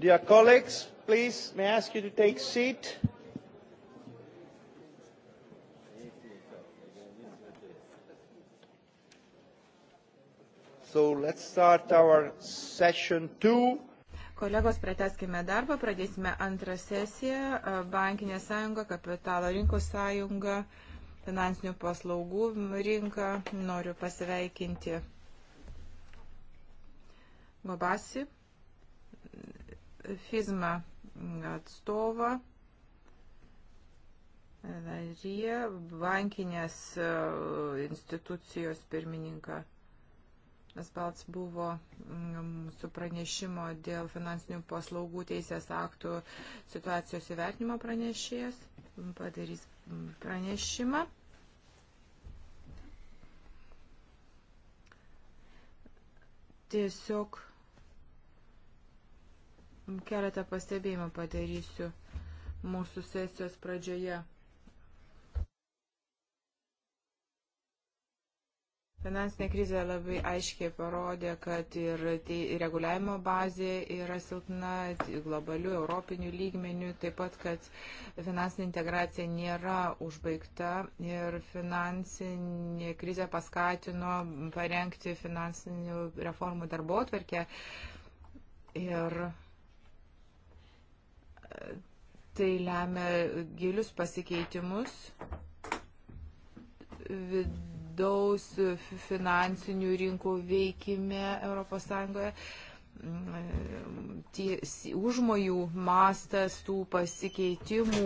Dear colleagues, please, may I ask you to take seat? So let's start our session two. Kolegos, prateskime darbą, pradėsime antrą sesiją - bankinė sąjunga, kapitalo rinkų sąjunga, finansinių paslaugų rinka. Noriu pasveikinti Gobasi FISMA atstovą. Narė, bankinės e, institucijos pirmininką. Spelts buvo mūsų mm, pranešimo dėl finansinių paslaugų teisės aktų situacijos įvertinimo pranešėjas. Padarys mm, pranešimą. Tiesiog Keletą pastebėjimų padarysiu mūsų sesijos pradžioje. Finansinė krizė labai aiškiai parodė, kad ir reguliavimo bazė yra silpna globalių, europinių lygmenių, taip pat, kad finansinė integracija nėra užbaigta ir finansinė krizė paskatino parengti finansinių reformų darbo atverkę. Ir tai lemia gilius pasikeitimus vidaus finansinių rinkų veikime ES. Tie užmojų mastas, tų pasikeitimų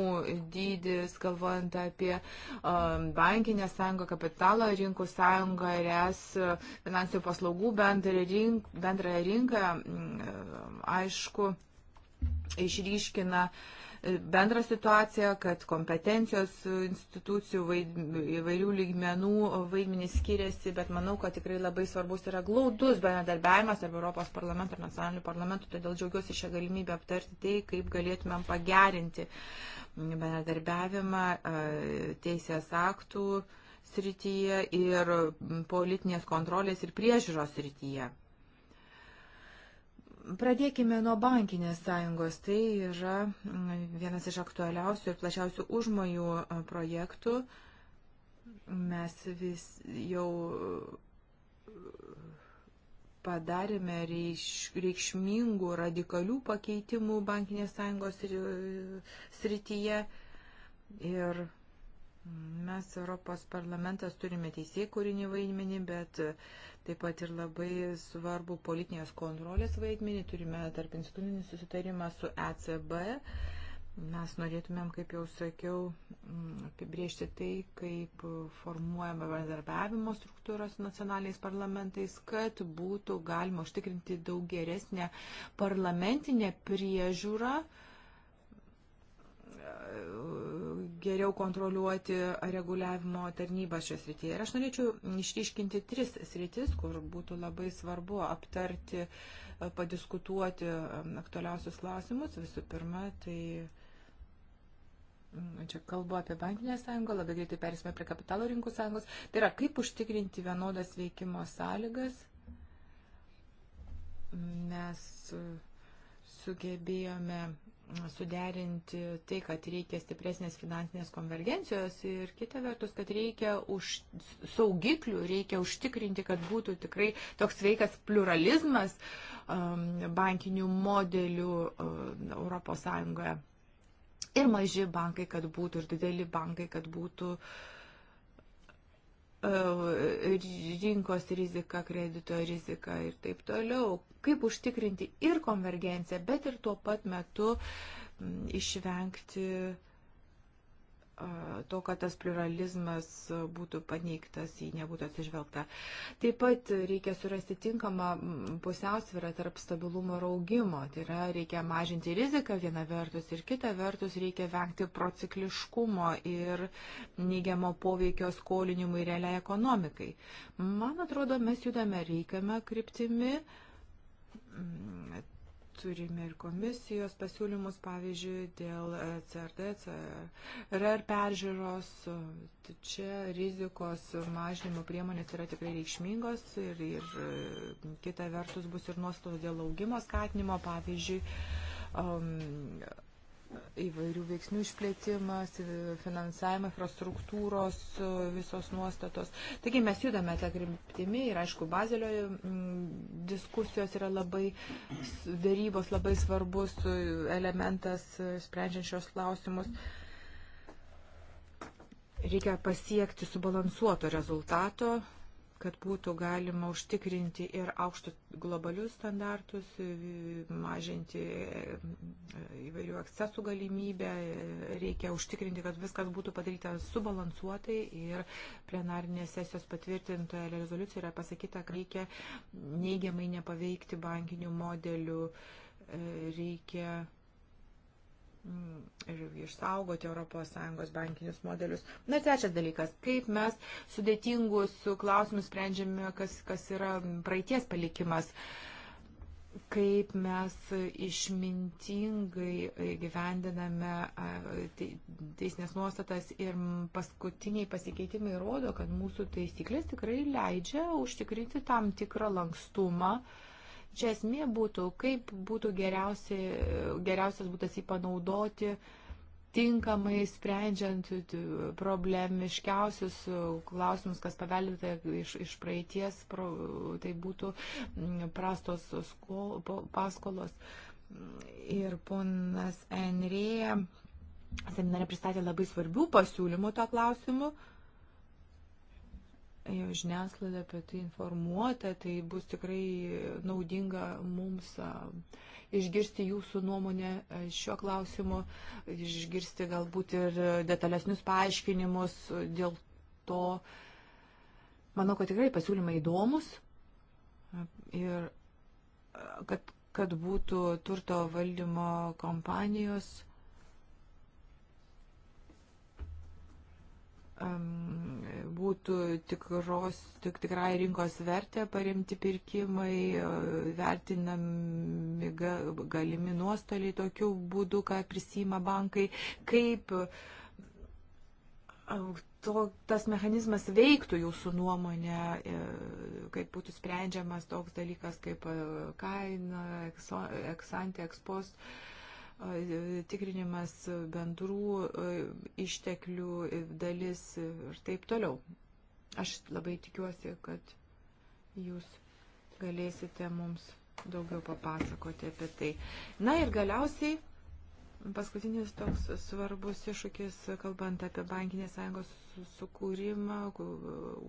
dydis, galvojant apie um, bankinę sąjungą, kapitalo rinkų sąjungą ir es finansinių paslaugų bendrąją rinką, mm, aišku, išryškina e, bendrą situaciją, kad kompetencijos institucijų vaid, įvairių lygmenų vaidmenys skiriasi, bet manau, kad tikrai labai svarbus yra glaudus bendradarbiavimas tarp Europos parlamento ir nacionalinių parlamentų, todėl džiaugiuosi šią galimybę aptarti tai, kaip galėtumėm pagerinti bendradarbiavimą e, teisės aktų srityje ir politinės kontrolės ir priežiūros srityje. Pradėkime nuo bankinės sąjungos. Tai yra mm, vienas iš aktualiausių ir plačiausių užmojų projektų. Mes vis jau padarėme reikšmingų radikalių pakeitimų bankinės sąjungos srityje. Ir Mes Europos parlamentas turime teisėjų kūrinį vaidmenį, bet taip pat ir labai svarbu politinės kontrolės vaidmenį. Turime tarp institucinį susitarimą su ECB. Mes norėtumėm, kaip jau sakiau, mm, apibriežti tai, kaip formuojama bendarbiavimo struktūros nacionaliais parlamentais, kad būtų galima užtikrinti daug geresnę parlamentinę priežiūrą uh, geriau kontroliuoti reguliavimo tarnybą šios srityje. Ir aš norėčiau išryškinti tris sritis, kur būtų labai svarbu aptarti, e, padiskutuoti aktualiausius klausimus. Visų pirma, tai čia kalbu apie bankinę sąjungą, labai greitai perėsime prie kapitalo rinkų sąjungos. Tai yra, kaip užtikrinti vienodas veikimo sąlygas. Mes e, sugebėjome suderinti tai, kad reikia stipresnės finansinės konvergencijos ir kita vertus, kad reikia už saugiklių, reikia užtikrinti, kad būtų tikrai toks sveikas pluralizmas um, bankinių modelių um, Europos Sąjungoje. Ir maži bankai, kad būtų, ir dideli bankai, kad būtų uh, rinkos rizika, kredito rizika ir taip toliau. Kaip užtikrinti ir konvergenciją, bet ir tuo pat metu mm, išvengti uh, to, kad tas pluralizmas būtų paneigtas, jį nebūtų atsižvelgta. Taip pat reikia surasti tinkamą pusiausvyrą tarp stabilumo ir augimo. Tai yra, reikia mažinti riziką viena vertus ir kita vertus reikia vengti procikliškumo ir neigiamo poveikio skolinimui realiai ekonomikai. Man atrodo, mes judame reikiamą kryptimi Turime ir komisijos pasiūlymus, pavyzdžiui, dėl e, CRD, CRR peržiūros. Čia rizikos mažinimo priemonės yra tikrai reikšmingos ir, ir e, kita vertus bus ir nuostolos dėl augimo skatinimo, pavyzdžiui. Um, įvairių veiksnių išplėtimas, finansavimo, infrastruktūros, visos nuostatos. Taigi mes judame tą kryptimį ir, aišku, Bazelio mm, diskusijos yra labai, dėrybos labai svarbus e, elementas e, sprendžiančios klausimus. Reikia pasiekti subalansuoto rezultato, kad būtų galima užtikrinti ir aukštus globalius standartus, mažinti e, įvairių akcesų galimybę, reikia užtikrinti, kad viskas būtų padaryta subalansuotai ir plenarinės sesijos patvirtintoje rezoliucijoje yra pasakyta, kad reikia neigiamai nepaveikti bankinių modelių, e, reikia Mm, ir išsaugoti ES bankinius modelius. Na ir trečias dalykas, kaip mes sudėtingus klausimus sprendžiame, kas, kas yra praeities palikimas kaip mes išmintingai gyvendiname teisinės nuostatas ir paskutiniai pasikeitimai rodo, kad mūsų taisyklės tikrai leidžia užtikrinti tam tikrą lankstumą uh, Čia esmė būtų, kaip būtų geriausi, geriausias būtas jį panaudoti tinkamai sprendžiant problemiškiausius klausimus, kas paveldėta iš, iš praeities, pro, tai būtų prastos skol, paskolos. Ir ponas Enrėja seminare pristatė labai svarbių pasiūlymų tuo klausimu. Uh, jau žiniasklaida apie tai informuota, tai bus tikrai naudinga mums išgirsti jūsų nuomonę šiuo klausimu, išgirsti galbūt ir detalesnius paaiškinimus dėl to. Manau, kad tikrai pasiūlymai įdomus ir kad, kad būtų turto valdymo kompanijos būtų tikros, tik tikrai rinkos vertė paremti pirkimai, vertinami galimi nuostoliai tokiu būdu, ką prisima bankai, kaip to, tas mechanizmas veiktų jūsų nuomonė, e, kaip būtų sprendžiamas toks dalykas kaip e, kaina, eksante, ekspost. Ex E, tikrinimas bendrų e, išteklių e, dalis ir taip toliau. Aš labai tikiuosi, kad jūs galėsite mums daugiau papasakoti apie tai. Na ir galiausiai Paskutinis toks svarbus iššūkis, kalbant apie bankinės sąjungos sukūrimą,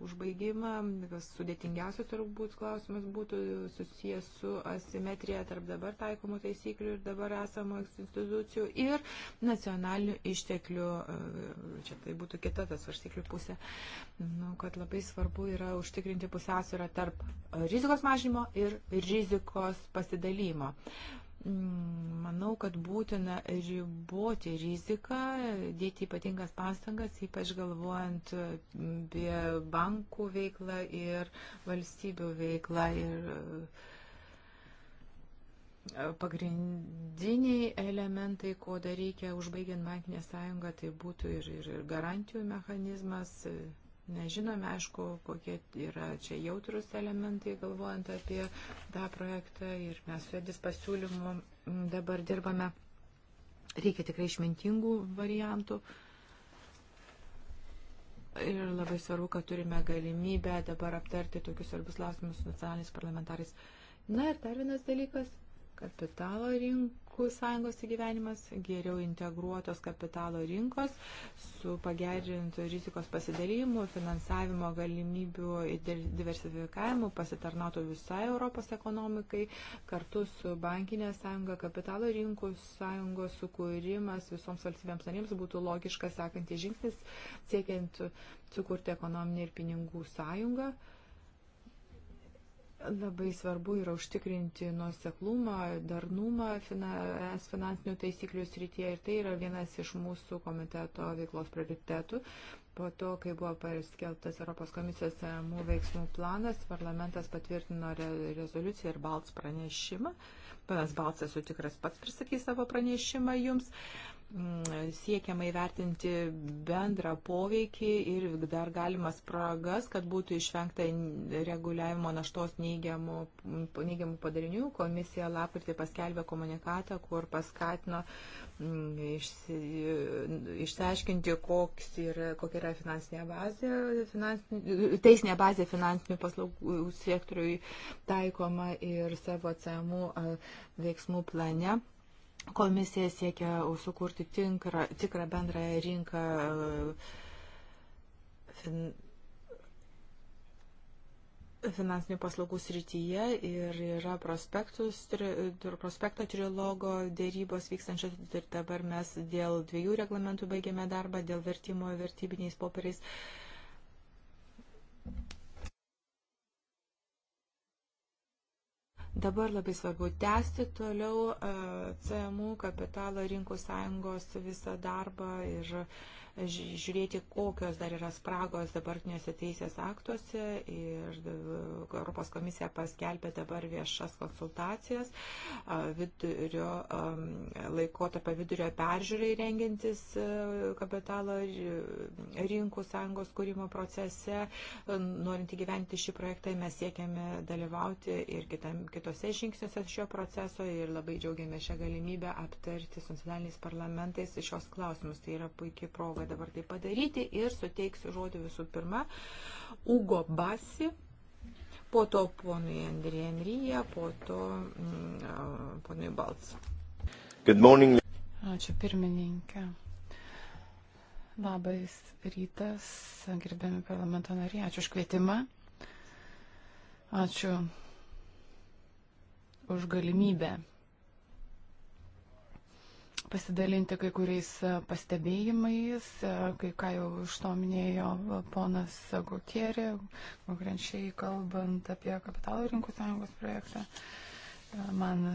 užbaigimą, sudėtingiausias turbūt klausimas būtų susijęs su asimetrija tarp dabar taikomų taisyklių ir dabar esamų institucijų ir nacionalinių išteklių. E, čia tai būtų kita tas varsiklių pusė, nu, kad labai svarbu yra užtikrinti pusiausvyrą tarp rizikos mažinimo ir rizikos pasidalymo. Uh, Mm, manau, kad būtina riboti riziką, dėti ypatingas pastangas, ypač galvojant mm, apie bankų veiklą ir valstybių veiklą. Ir e, pagrindiniai elementai, ko dar reikia užbaigiant bankinę sąjungą, tai būtų ir, ir garantijų mechanizmas, Nežinome, aišku, kokie yra čia jautrus elementai, galvojant apie tą projektą ir mes su Edis pasiūlymu dabar dirbame. Reikia tikrai išmintingų variantų. Ir labai svarbu, kad turime galimybę dabar aptarti tokius svarbius klausimus su nacionaliniais parlamentarais. Na ir dar vienas dalykas - kapitalo rinka bankų sąjungos įgyvenimas, geriau integruotos kapitalo rinkos su pagerintų rizikos pasidarymu, finansavimo galimybių diversifikavimu pasitarnautų visai Europos ekonomikai, kartu su bankinė sąjunga, kapitalo rinkų sąjungos sukūrimas visoms valstybėms narėms būtų logiškas sekantis žingsnis siekiant sukurti ekonominį ir pinigų sąjungą. Labai svarbu yra užtikrinti nuoseklumą, darnumą es finansinių taisyklių srityje ir tai yra vienas iš mūsų komiteto veiklos prioritetų. Po to, kai buvo paskelbtas Europos komisijos MU veiksmų planas, parlamentas patvirtino re rezoliuciją ir Balts pranešimą. Panas Balts esu tikras pats prisakys savo pranešimą jums. Uh, Mm, siekiama įvertinti bendrą poveikį ir dar galimas spragas, kad būtų išvengta reguliavimo naštos neigiamų, neigiamų padarinių. Komisija lapkritį paskelbė komunikatą, kur paskatino mm, išsi, išsiaiškinti, yra, kokia yra finansinė bazė, finansinė, teisinė bazė finansinių paslaugų sektoriui taikoma ir savo CMU veiksmų plane Komisija siekia sukurti tinkrą, tikrą bendrąją rinką e, fin, finansinių paslaugų srityje ir yra prospekto trilogo dėrybos vykstančios ir dabar mes dėl dviejų reglamentų baigėme darbą, dėl vertimo vertybiniais popieriais. Dabar labai svarbu tęsti toliau e, CMU kapitalo rinkų sąjungos visą darbą ir uh, žiūrėti, kokios dar yra spragos dabartiniuose teisės aktuose ir Europos komisija paskelbė dabar viešas konsultacijas vidurio, laikotarpio vidurio peržiūrai rengintis e, kapitalo e, rinkų sąjungos kūrimo procese. Norint įgyventi šį projektą, mes siekiame dalyvauti ir kitam, kitose žingsniuose šio proceso ir labai džiaugiamės šią galimybę aptarti su nacionaliniais parlamentais šios klausimus. Tai yra puikiai proga galime dabar tai padaryti ir suteiksiu žodį visų pirma Ugo Basi, po to ponui Andrija Enryje, po to mm, ponui Balts. Ačiū pirmininkė. Labas rytas, gerbiami parlamento nariai, ačiū už kvietimą. Ačiū už galimybę pasidalinti kai kuriais e, pastebėjimais, e, kai ką jau iš to minėjo ponas Gautierė, konkrečiai kalbant apie kapitalo rinkų sąjungos projektą. E, man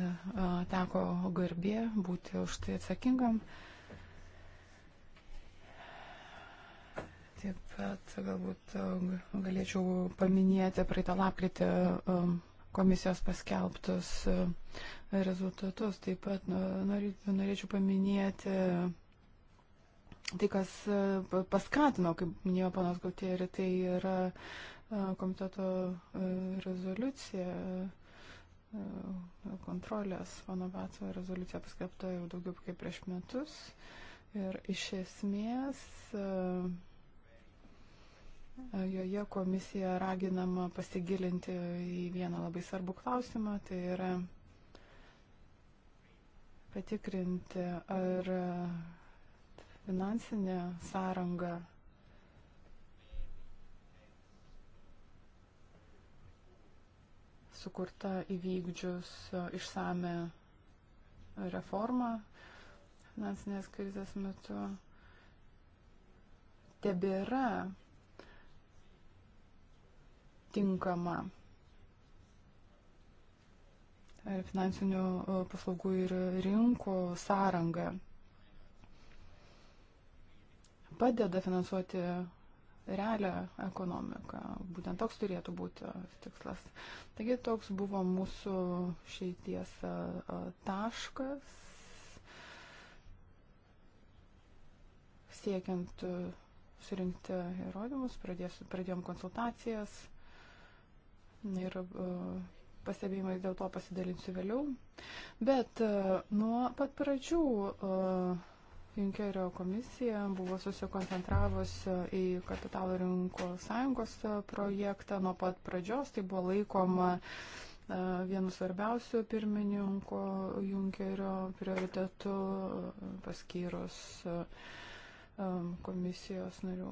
teko garbė būti už tai atsakingam. Taip pat galbūt galėčiau paminėti praeitą lapkritį komisijos paskelbtus e, rezultatus. Taip pat norėčiau paminėti tai, kas e, paskatino, kaip minėjo panas Gautierė, tai yra e, komiteto rezoliucija kontrolės mano Vatso rezoliucija paskelbta jau daugiau kaip prieš metus. Ir iš esmės Joje komisija raginama pasigilinti į vieną labai svarbų klausimą, tai yra patikrinti, ar finansinė sąranga sukurta įvykdžius išsame reformą finansinės krizės metu tebėra tinkama ir finansinių e, paslaugų ir rinkų sąranga padeda finansuoti realią ekonomiką. Būtent toks turėtų būti tikslas. Taigi toks buvo mūsų šeities e, e, taškas siekiant surinkti įrodymus, pradės, pradėjom konsultacijas ir e, pastebėjimais dėl to pasidalinsiu vėliau. Bet e, nuo pat pradžių e, Junkerio komisija buvo susikoncentravus į kapitalo rinkų sąjungos projektą. Nuo pat pradžios tai buvo laikoma vienu svarbiausių pirmininko Junkerio prioritetu paskyrus uh, Um, komisijos narių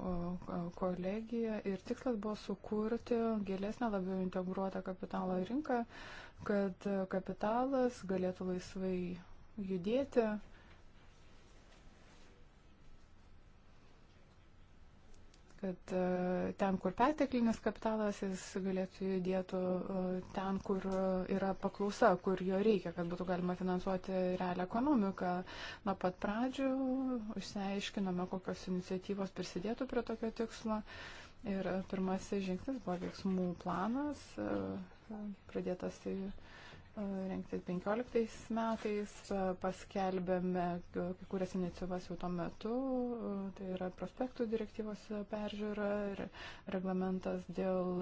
kolegija ir tikslas buvo sukurti gilesnę, labiau integruotą kapitalo rinką, kad kapitalas galėtų laisvai judėti kad e, ten, kur perteklinis kapitalas, jis galėtų judėtų e, ten, kur e, yra paklausa, kur jo reikia, kad būtų galima finansuoti realią ekonomiką. Nuo pat pradžių išsiaiškinome, kokios iniciatyvos prisidėtų prie tokio tikslo. Ir pirmasis žingsnis buvo veiksmų planas, pradėtas tai. Tai rengtis 15 metais, paskelbėme kai kurias iniciatyvas jau tuo metu, tai yra prospektų direktyvos peržiūra ir reglamentas dėl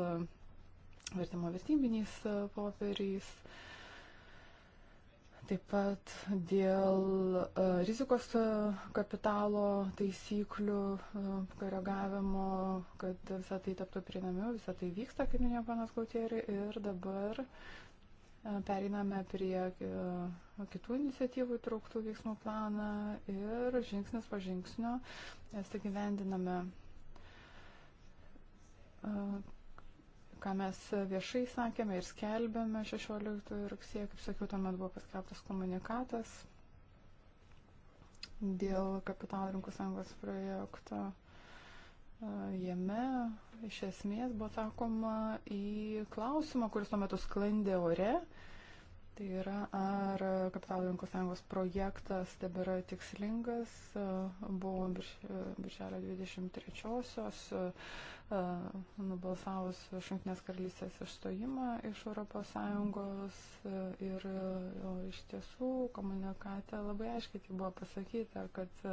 vertimo vertybiniais popieriais. Taip pat dėl e, rizikos e, kapitalo taisyklių e, koregavimo, kad visą tai taptų prieinamiau, visą tai vyksta, kaip minėjo panas Gautieri, ir dabar uh, Periname prie e, kitų iniciatyvų įtrauktų veiksmų planą ir žingsnis po žingsnio mes įgyvendiname, e, ką mes viešai sakėme ir skelbėme 16 rugsėje, kaip sakiau, tuomet buvo paskelbtas komunikatas dėl kapitalų rinkų sąjungos projekto Jame iš esmės buvo sakoma į klausimą, kuris tuo metu sklandė ore, Tai yra, ar kapitalo rinkų sąjungos projektas tebėra tikslingas, buvo birš, birželio 23-osios nubalsavus Šimtinės karalystės išstojimą iš Europos Sąjungos ir iš tiesų komunikate labai aiškiai tai buvo pasakyta, kad,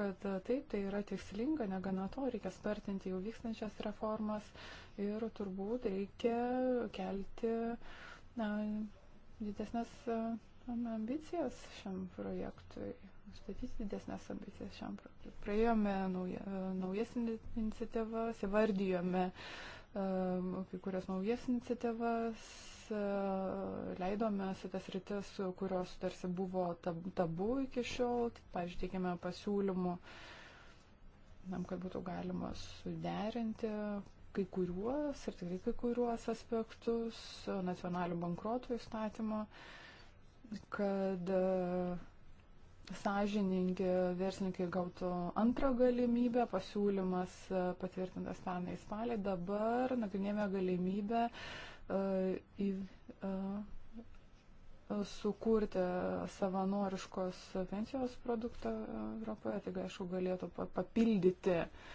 kad taip, tai yra tikslinga, negana to reikia spartinti jau vykstančias reformas ir turbūt reikia kelti na, E, didesnės ambicijas šiam projektui, nustatyti didesnės ambicijas šiam projektui. Praėjome nauja, e, naujas iniciatyvas, įvardyjome kai kurias naujas iniciatyvas, e, leidome tas rytis, kurios tarsi buvo tabu iki šiol, tai pažiūrėkime pasiūlymų, tam, kad būtų galima suderinti kai kuriuos ir tikrai kai kuriuos aspektus e, nacionalinių bankruotų įstatymo, kad e, sąžiningi verslininkai gautų antrą galimybę, pasiūlymas e, patvirtintas pernai spalį, dabar nagrinėjame galimybę į, sukurti savanoriškos pensijos produktą Europoje, tai aišku galėtų papildyti uh,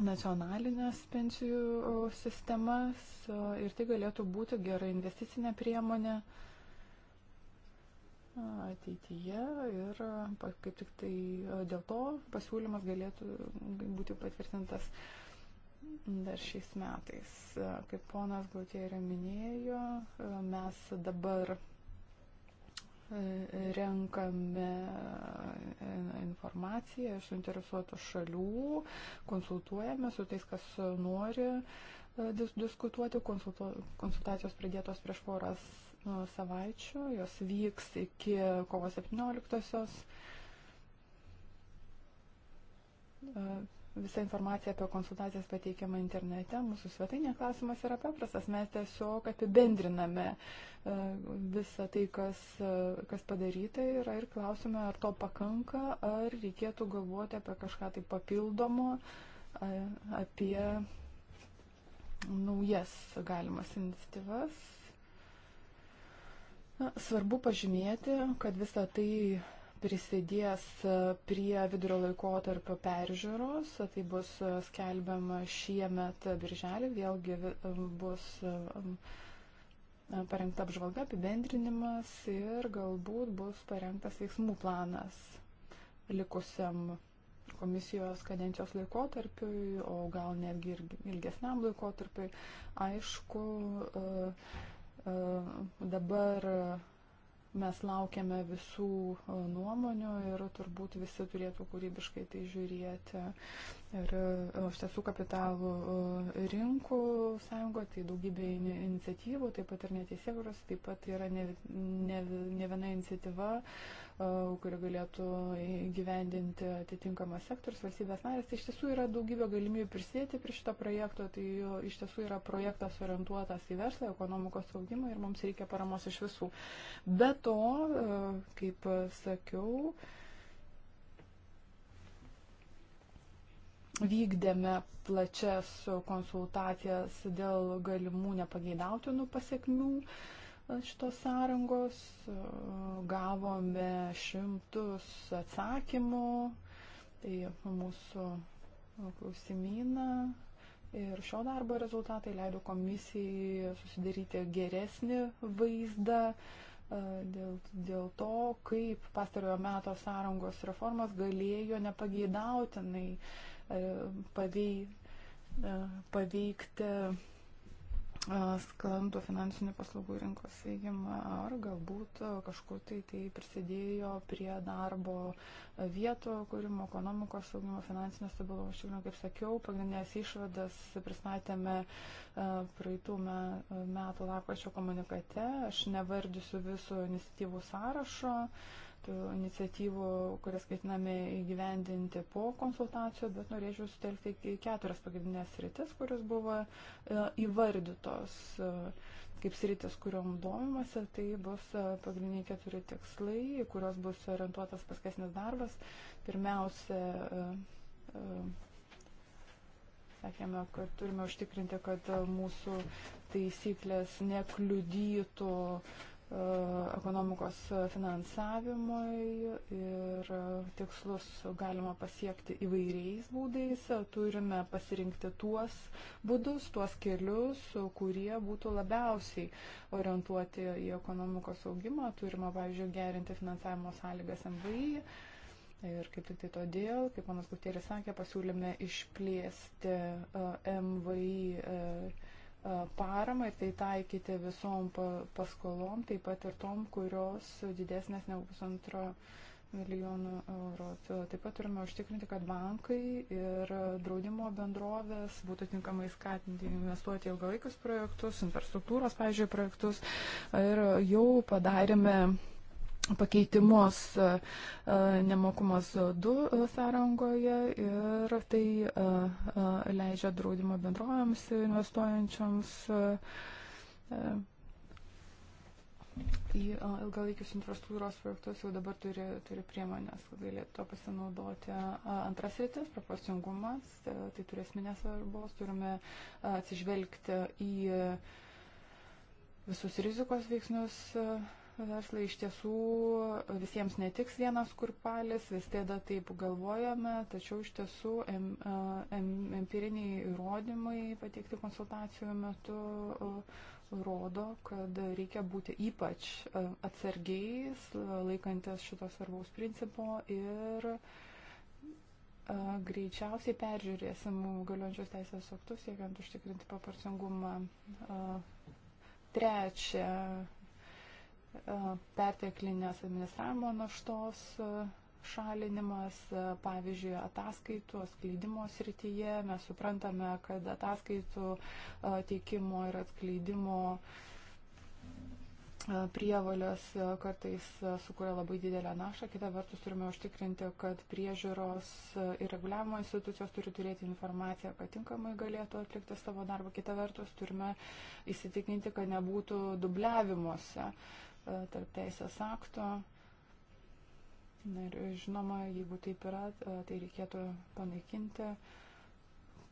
nacionalinės pensijų sistemas ir tai galėtų būti gera investicinė priemonė ateityje ir kaip tik tai dėl to pasiūlymas galėtų būti patvirtintas dar šiais metais. Kaip ponas Gautierė minėjo, mes dabar renkame e, informaciją iš interesuotų šalių, konsultuojame su tais, kas nori e, dis diskutuoti. Konsultu konsultacijos pradėtos prieš poras e, savaičių, jos vyks iki kovo 17. -osios Visa informacija apie konsultacijas pateikiama internete. Mūsų svetainė klausimas yra paprastas. Mes tiesiog apibendriname e, visą tai, kas, e, kas padaryta yra ir klausime, ar to pakanka, ar reikėtų galvoti apie kažką tai papildomo, apie naujas galimas iniciatyvas. Na, svarbu pažymėti, kad visa tai prisidės e, prie vidurio laiko tarp peržiūros, tai bus e, skelbiama šiemet birželį, vėlgi e, bus parengta apžvalga, apibendrinimas ir galbūt bus parengtas veiksmų planas likusiam komisijos kadencijos laikotarpiui, o gal netgi ir ilgesniam laikotarpiui. Aišku, dabar Mes laukiame visų e, nuomonių ir turbūt visi turėtų kūrybiškai tai žiūrėti. Ir e, iš tiesų kapitalų e, rinkų sąjungo, tai daugybė iniciatyvų, taip pat ir neteisėkuros, taip pat yra ne, ne, ne viena iniciatyva E, kurį galėtų gyvendinti atitinkamas sektorius, valstybės narės. Tai iš tiesų yra daugybė galimybių prisidėti prie šito projekto, tai iš tiesų yra projektas orientuotas į verslą, ekonomikos augimą ir mums reikia paramos iš visų. Be to, e, kaip sakiau, vykdėme plačias konsultacijas dėl galimų nepageidautinų pasiekmių. Uh, šitos sąrangos, e, gavome šimtus atsakymų į tai mūsų klausimyną ir šio darbo rezultatai leido komisijai susidaryti geresnį vaizdą e, dėl, dėl to, kaip pastarojo meto sąrangos reformos galėjo nepageidautinai e, pavei, paveikti sklandų finansinių paslaugų rinkos veikimą, ar galbūt kažkur tai tai prisidėjo prie darbo vietų kūrimo, ekonomikos augimo, finansinio stabilumo. Aš žinau, kaip sakiau, pagrindinės išvadas pristatėme praeitų metų lapkričio komunikate. Aš nevardysiu viso iniciatyvų sąrašo. Uh, tų iniciatyvų, kurias ketiname įgyvendinti po konsultacijų, bet norėčiau sutelkti į keturias pagrindinės sritis, kurios buvo e, įvardytos e, kaip sritis, kuriuom domimasi. Tai bus e, pagrindiniai keturi tikslai, į kuriuos bus orientuotas paskesnis darbas. Pirmiausia, sakėme, kad turime užtikrinti, kad mūsų taisyklės nekliudytų uh, ekonomikos finansavimui ir tikslus galima pasiekti įvairiais būdais. Turime pasirinkti tuos būdus, tuos kelius, kurie būtų labiausiai orientuoti į ekonomikos augimą. Turime, pavyzdžiui, gerinti finansavimo sąlygas MVI. Ir kaip tik tai todėl, kaip panas Gutėris sakė, pasiūlėme išplėsti e, MVI e, E, paramą ir tai taikyti visom paskolom, taip pat ir tom, kurios didesnės negu pusantro milijonų eurų. Taip pat turime užtikrinti, kad bankai ir draudimo bendrovės būtų tinkamai skatinti investuoti ilgalaikius projektus, infrastruktūros, pavyzdžiui, projektus. Ir jau padarėme pakeitimus e, e, nemokumas 2 e, sąrangoje ir tai leidžia draudimo bendrovėms investuojančioms į ilgalaikius infrastruktūros projektus jau dabar turi, turi priemonės, kad galėtų to pasinaudoti. Antras rytis - proporcingumas, tai turės minės svarbos, turime atsižvelgti į visus rizikos veiksnius verslą iš tiesų visiems netiks vienas kurpalis, vis tada taip galvojame, tačiau iš tiesų em, em, empiriniai įrodymai pateikti konsultacijų metu rodo, kad reikia būti ypač atsargiais, laikantis šitos svarbaus principo ir greičiausiai peržiūrėsim galiojančius teisės aktus, siekiant užtikrinti paparsingumą. Trečia, E, perteklinės administravimo naštos e, šalinimas, e, pavyzdžiui, ataskaitų atskleidimo srityje. Mes suprantame, kad ataskaitų teikimo ir atskleidimo prievalės kartais sukuria labai didelę našą. Kita vertus turime užtikrinti, kad priežiūros ir reguliavimo institucijos turi turėti informaciją, kad tinkamai galėtų atlikti savo darbą. Kita vertus turime įsitikinti, kad nebūtų dubliavimuose. Uh, E, tarp teisės akto. Ir žinoma, jeigu taip yra, e, tai reikėtų panaikinti,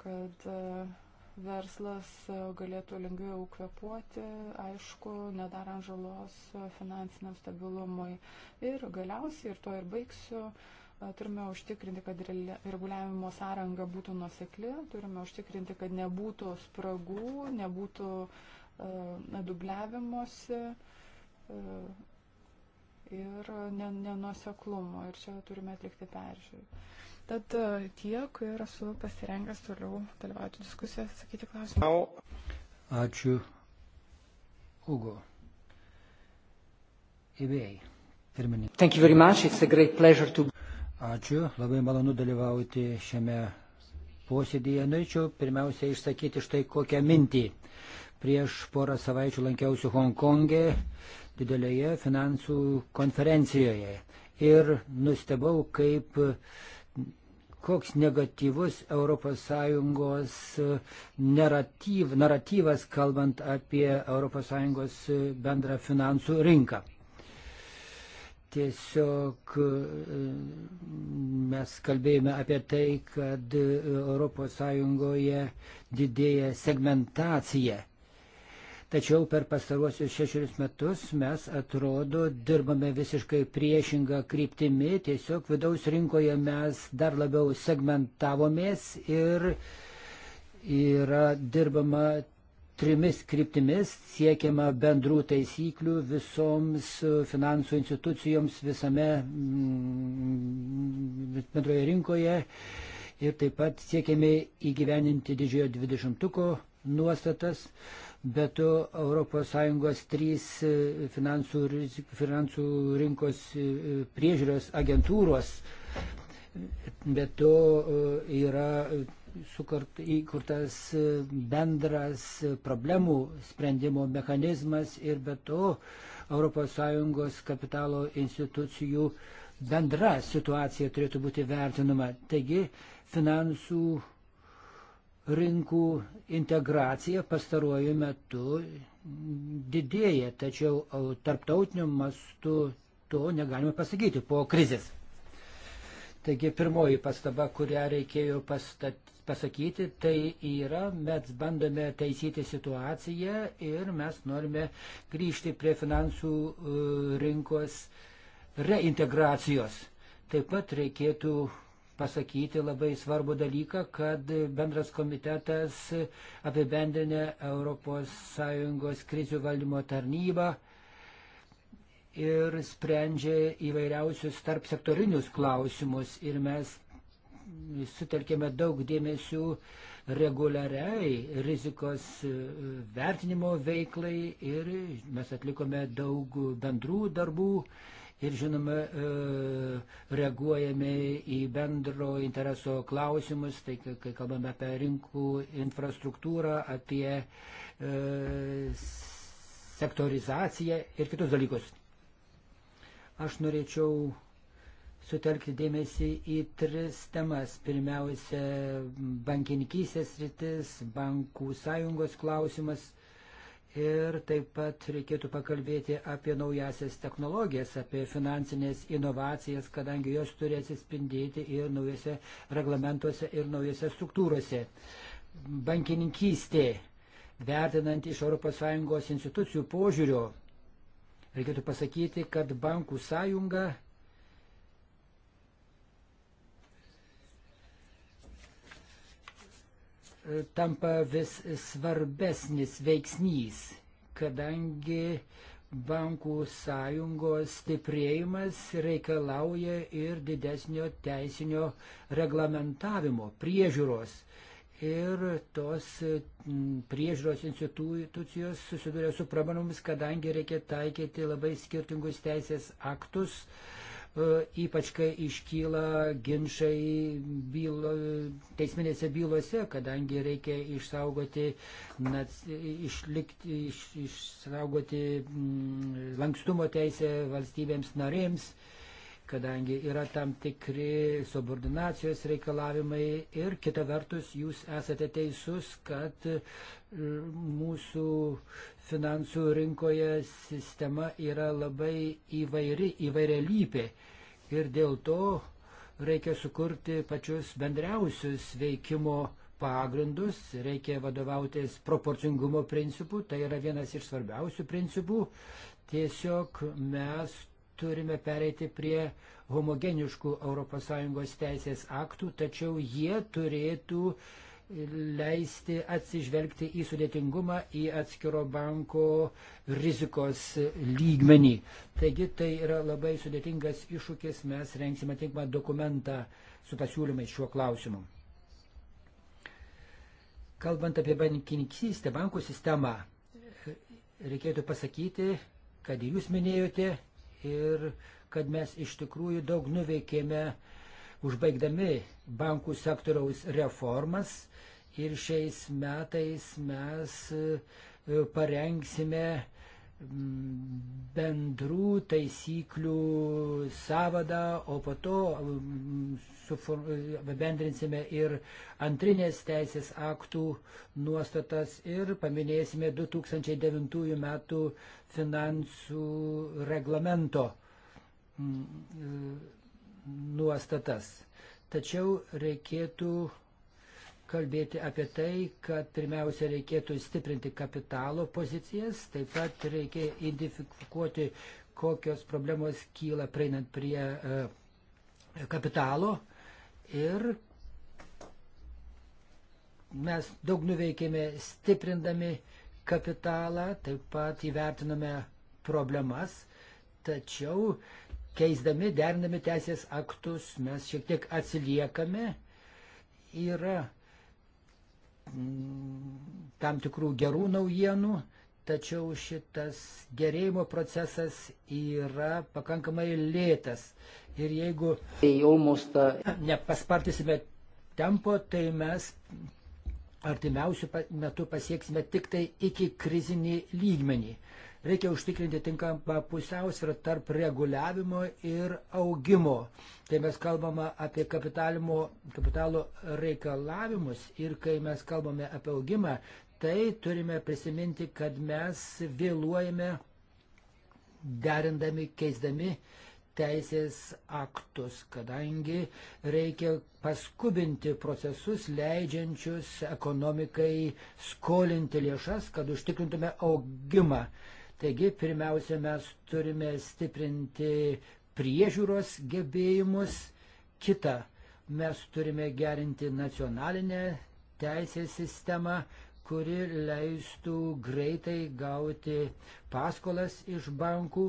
kad e, verslas galėtų lengviau kvepuoti, aišku, nedarant žalos finansiniam stabilumui. Ir galiausiai, ir to ir baigsiu, turime užtikrinti, kad reguliavimo sąranga būtų nusekli, turime užtikrinti, kad nebūtų spragų, nebūtų dubliavimosi. Uh, E, ir nenuoseklumo. Ir čia turime atlikti peržiūrį. Tad e, tiek ir esu pasirengęs toliau dalyvauti diskusijose, sakyti klausimus. Ačiū, Ugo. Įvėjai. E Pirmininkai. Thank you very much. It's a great pleasure to. Ačiū, labai malonu dalyvauti šiame posėdėje. Norėčiau pirmiausia išsakyti štai kokią mintį. Prieš porą savaičių lankiausi Hongkongė, e, didelėje finansų konferencijoje. Ir nustebau, kaip koks negatyvus ES e, naratyv, naratyvas, kalbant apie ES e, bendrą finansų rinką. Tiesiog e, mes kalbėjome apie tai, kad ES didėja segmentacija Tačiau per pastaruosius šešerius metus mes atrodo dirbame visiškai priešingą kryptimį, tiesiog vidaus rinkoje mes dar labiau segmentavomės ir yra dirbama trimis kryptimis siekiama bendrų taisyklių visoms finansų institucijoms visame mm, bendroje rinkoje ir taip pat siekiame įgyveninti didžiojo dvidešimtuko nuostatas. Bet ES trys e, finansų, finansų rinkos e, e, priežiūros agentūros, bet to yra sukurt, įkurtas bendras problemų sprendimo mechanizmas ir be to ES kapitalo institucijų bendra situacija turėtų būti vertinama. Taigi finansų rinkų integracija pastaruoju metu didėja, tačiau e, tarptautiniu mastu to negalime pasakyti po krizės. Taigi pirmoji pastaba, kurią reikėjo pastat, pasakyti, tai yra, mes bandome taisyti situaciją ir mes norime grįžti prie finansų e, rinkos reintegracijos. Taip pat reikėtų pasakyti labai svarbų dalyką, kad bendras komitetas apibendrinė ES krizių valdymo tarnybą ir sprendžia įvairiausius tarp sektorinius klausimus ir mes sutelkėme daug dėmesių reguliariai rizikos e, vertinimo veiklai ir mes atlikome daug bendrų darbų ir žinoma e, reaguojame į bendro intereso klausimus, tai kai kalbame apie rinkų infrastruktūrą, apie e, sektorizaciją ir kitus dalykus. Aš norėčiau sutelkti dėmesį į tris temas. Pirmiausia, bankininkysės rytis, bankų sąjungos klausimas Ir taip pat reikėtų pakalbėti apie naujasias technologijas, apie finansinės inovacijas, kadangi jos turi atsispindėti ir naujose reglamentuose, ir naujose struktūrose. Bankininkystė, vertinant iš ES institucijų požiūrio, reikėtų pasakyti, kad bankų sąjunga tampa vis svarbesnis veiksnys, kadangi bankų sąjungos stiprėjimas reikalauja ir didesnio teisinio reglamentavimo, priežiūros. Ir tos priežiūros institucijos susiduria su pramonomis, kadangi reikia taikyti labai skirtingus teisės aktus, uh, E, ypač kai iškyla ginčiai bylo, teisminėse bylose, kadangi reikia išsaugoti, nac, išlikti, iš, išsaugoti m, mm, lankstumo teisę valstybėms narėms kadangi yra tam tikri subordinacijos reikalavimai ir kita vertus jūs esate teisus, kad mm, mūsų finansų rinkoje sistema yra labai įvairi, įvairialypė. Ir dėl to reikia sukurti pačius bendriausius veikimo pagrindus, reikia vadovautis proporcingumo principu, tai yra vienas iš svarbiausių principų. Tiesiog mes turime pereiti prie homogeniškų ES teisės aktų, tačiau jie turėtų uh, leisti atsižvelgti į sudėtingumą, į atskiro banko rizikos lygmenį. Taigi tai yra labai sudėtingas iššūkis, mes rengsime tinkamą dokumentą su pasiūlymais šiuo klausimu. Kalbant apie bankininkystę, bankų sistemą, reikėtų pasakyti, kad jūs minėjote ir kad mes iš tikrųjų daug nuveikėme uh, užbaigdami bankų sektoriaus reformas ir šiais metais mes e, parengsime mm, bendrų taisyklių savadą, o po to mm, apibendrinsime ir antrinės teisės aktų nuostatas ir paminėsime 2009 metų finansų reglamento mm, nuostatas. Tačiau reikėtų kalbėti apie tai, kad pirmiausia reikėtų stiprinti kapitalo pozicijas, taip pat reikia identifikuoti, kokios problemos kyla prieinant prie e, kapitalo. Ir mes daug nuveikėme stiprindami kapitalą, taip pat įvertiname problemas, tačiau keisdami, derindami teisės aktus mes šiek tiek atsiliekame. Yra mm, tam tikrų gerų naujienų, tačiau šitas gerėjimo procesas yra pakankamai lėtas. Ir jeigu tai nepaspartysime tempo, tai mes artimiausių metų pasieksime tik tai iki krizinį lygmenį. Reikia užtikrinti tinkamą pusiausvyrą tarp reguliavimo ir augimo. Kai mes kalbame apie kapitalo reikalavimus ir kai mes kalbame apie augimą, tai turime prisiminti, kad mes vėluojame derindami, keisdami teisės aktus, kadangi reikia paskubinti procesus, leidžiančius ekonomikai skolinti lėšas, kad užtikrintume augimą. Taigi, pirmiausia, mes turime stiprinti priežiūros gebėjimus. Kita, mes turime gerinti nacionalinę teisės sistemą, kuri leistų greitai gauti paskolas iš bankų.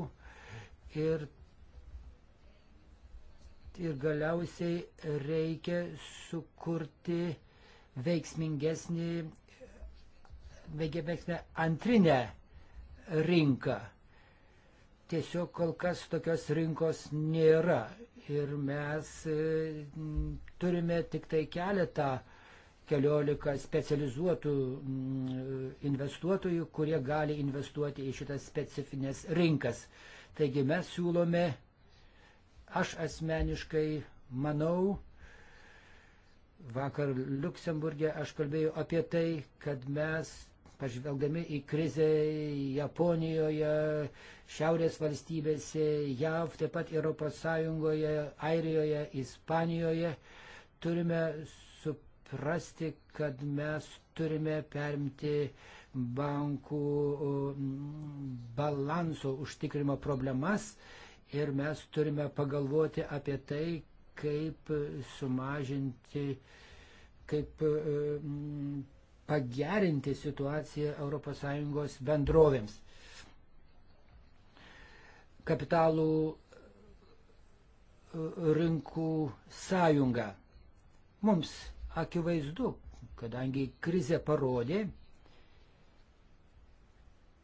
Ir ir galiausiai reikia sukurti veiksmingesnį, veiksminę antrinę rinką. Tiesiog kol kas tokios rinkos nėra ir mes e, turime tik tai keletą, keliolika specializuotų mm, investuotojų, kurie gali investuoti į šitas specifines rinkas. Taigi mes siūlome, aš asmeniškai manau, vakar Luksemburgė aš kalbėjau apie tai, kad mes pažvelgdami į krizę Japonijoje, Šiaurės valstybėse, JAV, taip pat ES, Airijoje, Ispanijoje, turime suprasti, kad mes turime perimti bankų balanso užtikrimo problemas ir mes turime pagalvoti apie tai, kaip sumažinti, kaip e, pagerinti situaciją ES bendrovėms. Kapitalų e, rinkų sąjunga. Mums akivaizdu, kadangi krizė parodė,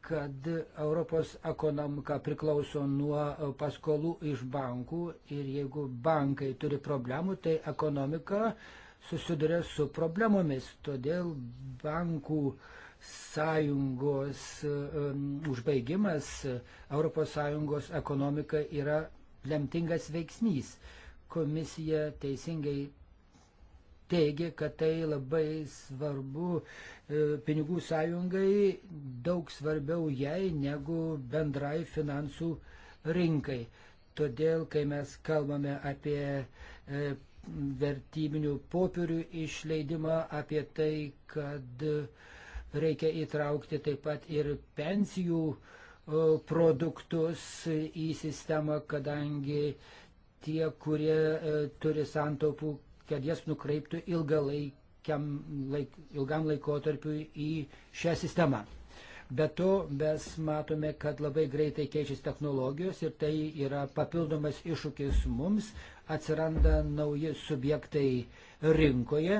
kad Europos ekonomika priklauso nuo paskolų iš bankų ir jeigu bankai turi problemų, tai ekonomika uh, susiduria su problemomis. Todėl bankų sąjungos um, užbaigimas ES ekonomika yra lemtingas veiksnys. Komisija teisingai teigia, kad tai labai svarbu e, pinigų sąjungai, daug svarbiau jai negu bendrai finansų rinkai. Todėl, kai mes kalbame apie e, vertybinių popierių išleidimą, apie tai, kad reikia įtraukti taip pat ir pensijų e, produktus į sistemą, kadangi tie, kurie e, turi santaupų, kad jas nukreiptų ilgalaikiam, laik, ilgam laikotarpiu į šią sistemą. Be to mes matome, kad labai greitai keičiasi technologijos ir tai yra papildomas iššūkis mums atsiranda nauji subjektai rinkoje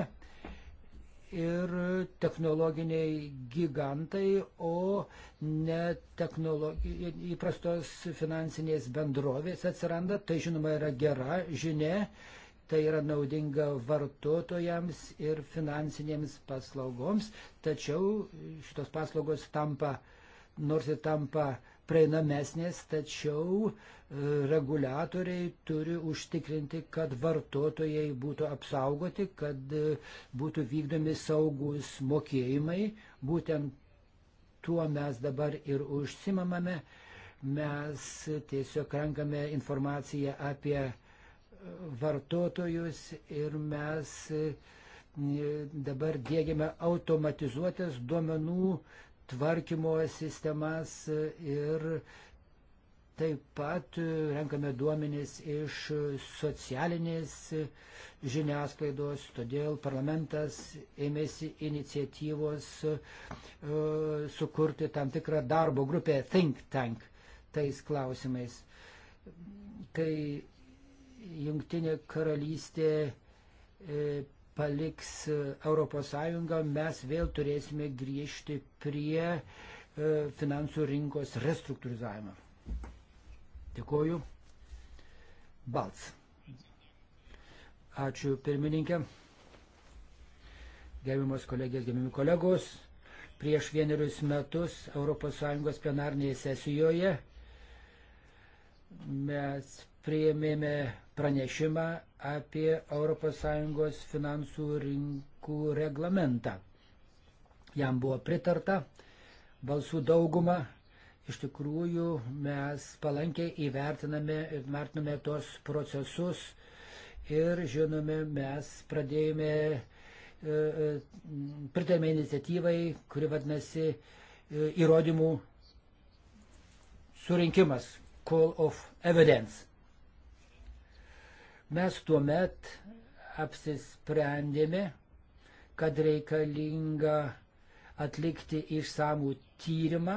ir technologiniai gigantai, o ne įprastos finansinės bendrovės atsiranda. Tai žinoma yra gera žinia, tai yra naudinga vartotojams ir finansinėms paslaugoms, tačiau šitos paslaugos tampa, nors ir tampa prieinamesnės, tačiau e, reguliatoriai turi užtikrinti, kad vartotojai būtų apsaugoti, kad e, būtų vykdomi saugus mokėjimai. Būtent tuo mes dabar ir užsimamame. Mes tiesiog renkame informaciją apie e, vartotojus ir mes dabar dėgiame automatizuotas duomenų tvarkymo sistemas ir taip pat renkame duomenis iš socialinės žiniasklaidos, todėl parlamentas ėmėsi iniciatyvos e, sukurti tam tikrą darbo grupę Think Tank tais klausimais. Kai Jungtinė karalystė e, paliks ES, mes vėl turėsime grįžti prie e, finansų rinkos restruktūrizavimą. Dėkuoju. Balts. Ačiū pirmininkė. Gerbiamas kolegės, gerbiami kolegos, prieš vienerius metus ES plenarnėje sesijoje mes priėmėme pranešimą apie ES finansų rinkų reglamentą. Jam buvo pritarta balsų dauguma. Iš tikrųjų, mes palankiai įvertiname, vertiname tos procesus ir, žinome, mes pradėjome, e, e, pritarėme iniciatyvai, kuri vadinasi e, įrodymų surinkimas, call of evidence. Mes tuomet apsisprendėme, kad reikalinga atlikti išsamų tyrimą,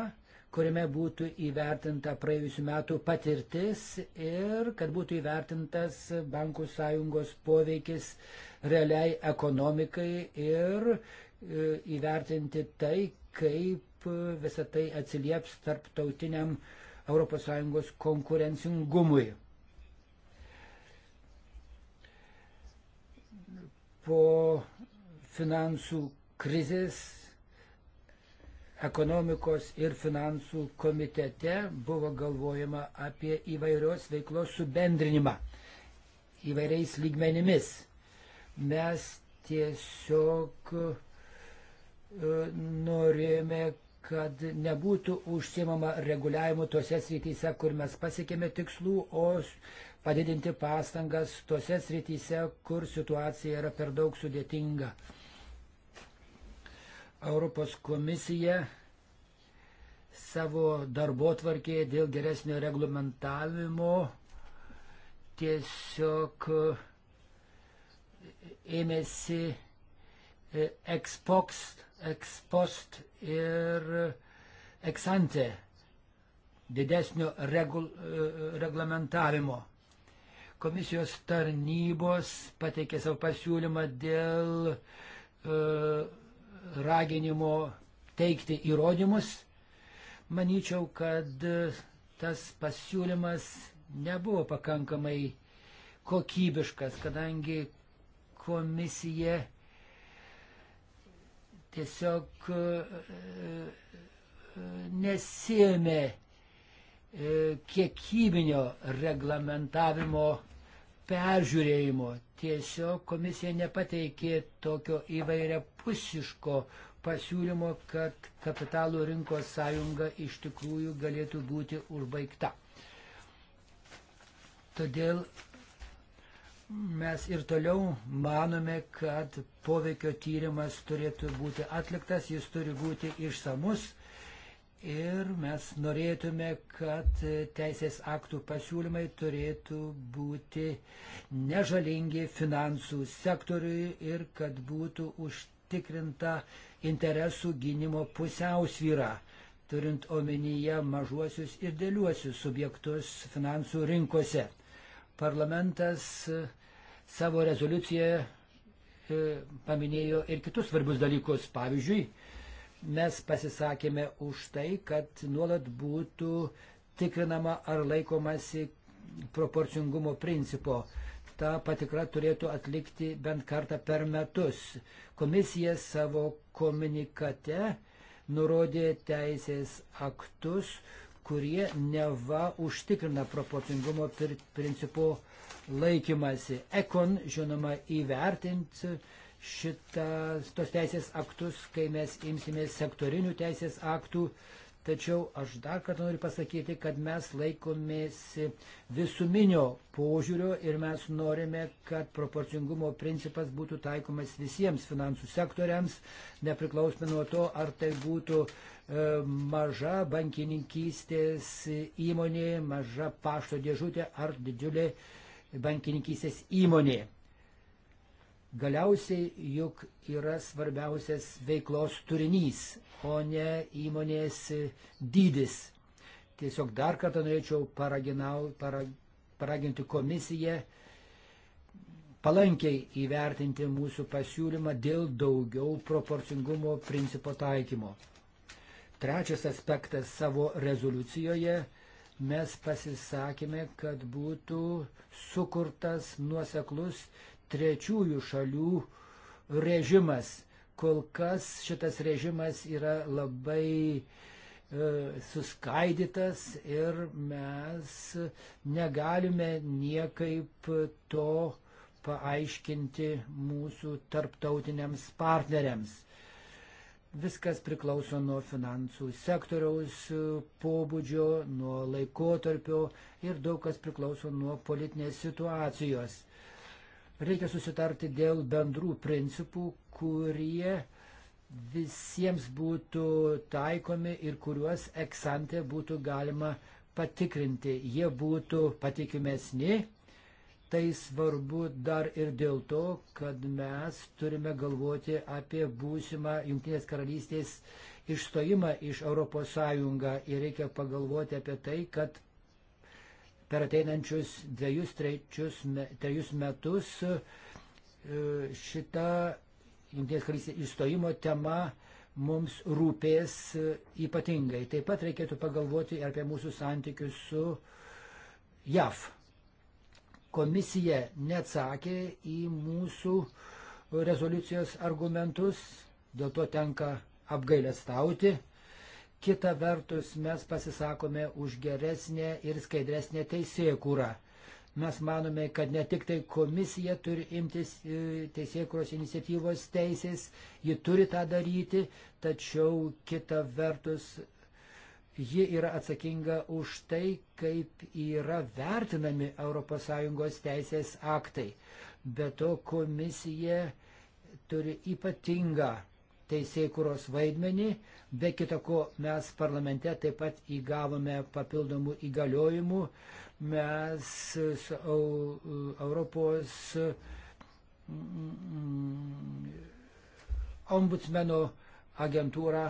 kuriame būtų įvertinta praėjusiu metu patirtis ir kad būtų įvertintas bankų sąjungos poveikis realiai ekonomikai ir e, įvertinti tai, kaip visą tai atsilieps tarptautiniam ES konkurencingumui. po finansų krizės ekonomikos ir finansų komitete buvo galvojama apie įvairios veiklos subendrinimą įvairiais lygmenimis. Mes tiesiog e, norėjome, kad nebūtų užsimama reguliavimu tose srityse, kur mes pasiekėme tikslų, o padidinti pastangas tose srityse, kur situacija yra per daug sudėtinga. Europos komisija savo darbo tvarkėje dėl geresnio reglamentavimo tiesiog e, ėmėsi ekspost, ekspost ir eksante didesnio regul, e, reglamentavimo. Komisijos tarnybos pateikė savo pasiūlymą dėl e, raginimo teikti įrodymus. Manyčiau, kad tas pasiūlymas nebuvo pakankamai kokybiškas, kadangi komisija tiesiog e, e, nesėmė e, kiekybinio reglamentavimo peržiūrėjimo. Tiesiog komisija nepateikė tokio įvairiapusiško pasiūlymo, kad kapitalų rinkos sąjunga iš tikrųjų galėtų būti užbaigta. Todėl mes ir toliau manome, kad poveikio tyrimas turėtų būti atliktas, jis turi būti išsamus Ir mes norėtume, kad teisės aktų pasiūlymai turėtų būti nežalingi finansų sektoriui ir kad būtų užtikrinta interesų gynimo pusiausvyra, turint omenyje mažuosius ir dėliuosius subjektus finansų rinkose. Parlamentas e, savo rezoliuciją e, paminėjo ir kitus svarbius dalykus. Pavyzdžiui, Mes pasisakėme už tai, kad nuolat būtų tikrinama ar laikomasi proporcingumo principo. Ta patikra turėtų atlikti bent kartą per metus. Komisija savo komunikate nurodė teisės aktus, kurie neva užtikrina proporcingumo principo laikymasi. Ekon, žinoma, įvertinti šitas, tos teisės aktus, kai mes imsimės sektorinių teisės aktų. Tačiau aš dar kartą noriu pasakyti, kad mes laikomės visuminio požiūrio ir mes norime, kad proporcingumo principas būtų taikomas visiems finansų sektoriams, nepriklausomai nuo to, ar tai būtų e, maža bankininkystės įmonė, maža pašto dėžutė ar didžiulė bankininkystės įmonė. Galiausiai juk yra svarbiausias veiklos turinys, o ne įmonės dydis. Tiesiog dar kartą norėčiau paraginau, para, paraginti komisiją palankiai įvertinti mūsų pasiūlymą dėl daugiau proporcingumo principo taikymo. Trečias aspektas savo rezoliucijoje mes pasisakėme, kad būtų sukurtas nuoseklus trečiųjų šalių režimas. Kol kas šitas režimas yra labai e, suskaidytas ir mes negalime niekaip to paaiškinti mūsų tarptautiniams partneriams. Viskas priklauso nuo finansų sektoriaus pobūdžio, nuo laikotarpio ir daug kas priklauso nuo politinės situacijos. Reikia susitarti dėl bendrų principų, kurie visiems būtų taikomi ir kuriuos eksante būtų galima patikrinti. Jie būtų patikimesni. Tai svarbu dar ir dėl to, kad mes turime galvoti apie būsimą Junktinės karalystės išstojimą iš ES ir reikia pagalvoti apie tai, kad per ateinančius dviejus, trečius, trejus metus e, šita Junktinės karalystės įstojimo tema mums rūpės e, ypatingai. Taip pat reikėtų pagalvoti ir apie mūsų santykius su JAV. Komisija neatsakė į mūsų rezoliucijos argumentus, dėl to tenka apgailestauti kita vertus mes pasisakome už geresnę ir skaidresnę teisėkūrą. Mes manome, kad ne tik tai komisija turi imtis e, teisėkūros iniciatyvos teisės, ji turi tą daryti, tačiau kita vertus ji yra atsakinga už tai, kaip yra vertinami ES teisės aktai. Be to komisija turi ypatingą teisėkuros vaidmenį, Be kitako, mes parlamente taip pat įgavome papildomų įgaliojimų. Mes su Europos mm, ombudsmeno agentūra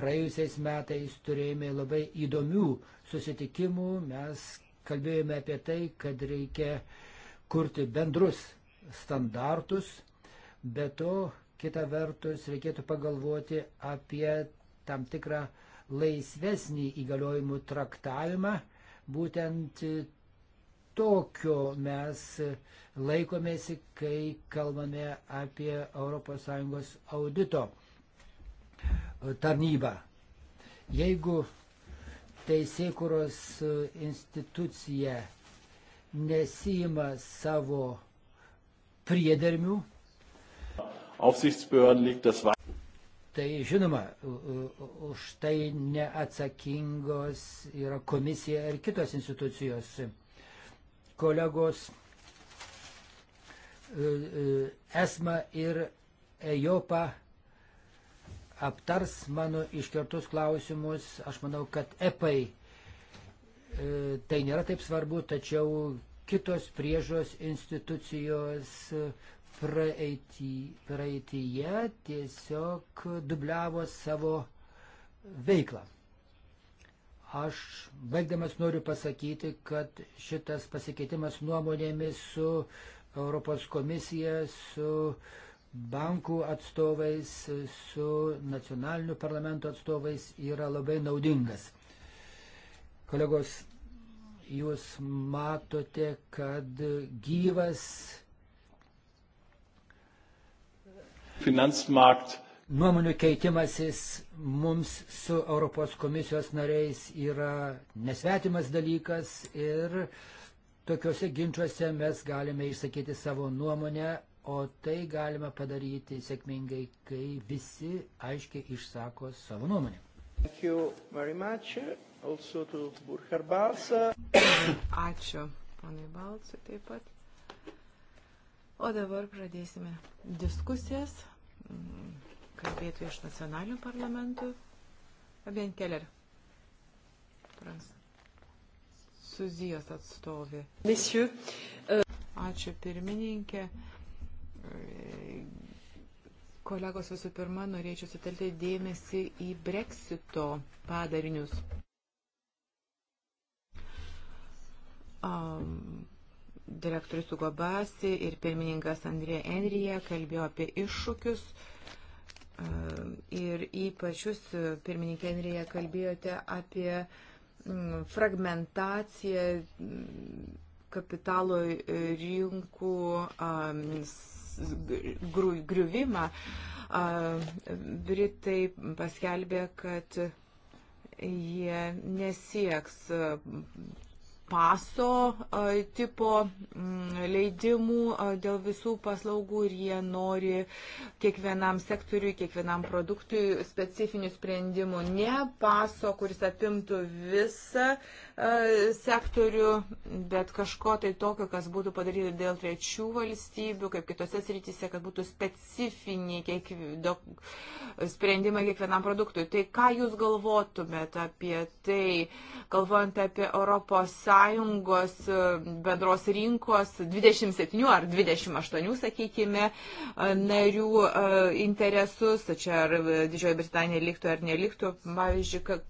praėjusiais metais turėjome labai įdomių susitikimų. Mes kalbėjome apie tai, kad reikia kurti bendrus standartus, bet to Kita vertus, reikėtų pagalvoti apie tam tikrą laisvesnį įgaliojimų traktavimą. Būtent tokio mes laikomėsi, kai kalbame apie ES audito tarnybą. Jeigu teisėkuros institucija nesijima savo priedermių, Aufsichtsbehörden liegt das weiter. Tai žinoma, už tai neatsakingos yra komisija ir kitos institucijos. Kolegos e, e, ESMA ir EJOPA aptars mano iškertus klausimus. Aš manau, kad EPAI e, tai nėra taip svarbu, tačiau kitos priežos institucijos praeity, praeityje tiesiog dubliavo savo veiklą. Aš baigdamas noriu pasakyti, kad šitas pasikeitimas nuomonėmis su Europos komisija, su bankų atstovais, su nacionaliniu parlamento atstovais yra labai naudingas. Kolegos, jūs matote, kad gyvas Finansmarkt. Nuomonių keitimasis mums su Europos komisijos nariais yra nesvetimas dalykas ir tokiuose ginčiuose mes galime išsakyti savo nuomonę, o tai galime padaryti sėkmingai, kai visi aiškiai išsako savo nuomonę. Ačiū, ponai Balsui, taip pat. O dabar pradėsime diskusijas. Mm, kalbėtų iš nacionalinių parlamentų. Abien Keller. Prancūzijos atstovė. Mesiu. Euh, Ačiū pirmininkė. Kolegos visų pirma, norėčiau sutelti dėmesį į breksito padarinius. Um, direktorius Ugobasi ir pirmininkas Andrė Enrija kalbėjo apie iššūkius. Ehm, ir ypač jūs, pirmininkė Enrija, kalbėjote apie mm, fragmentaciją mm, kapitalo e, rinkų griuvimą. Ehm, Britai paskelbė, kad jie nesieks paso tipo mm, leidimų dėl visų paslaugų ir jie nori kiekvienam sektoriui, kiekvienam produktui specifinių sprendimų. Ne paso, kuris apimtų visą E, sektorių, bet kažko tai tokio, kas būtų padaryta dėl trečių valstybių, kaip kitose srityse, kad būtų specifiniai kiek, daug, sprendimai kiekvienam produktui. Tai ką Jūs galvotumėt apie tai, galvojant apie ES e, bendros rinkos 27 ar 28, sakykime, e, narių interesus, čia ar Didžioji Britanija liktų ar neliktų, pavyzdžiui,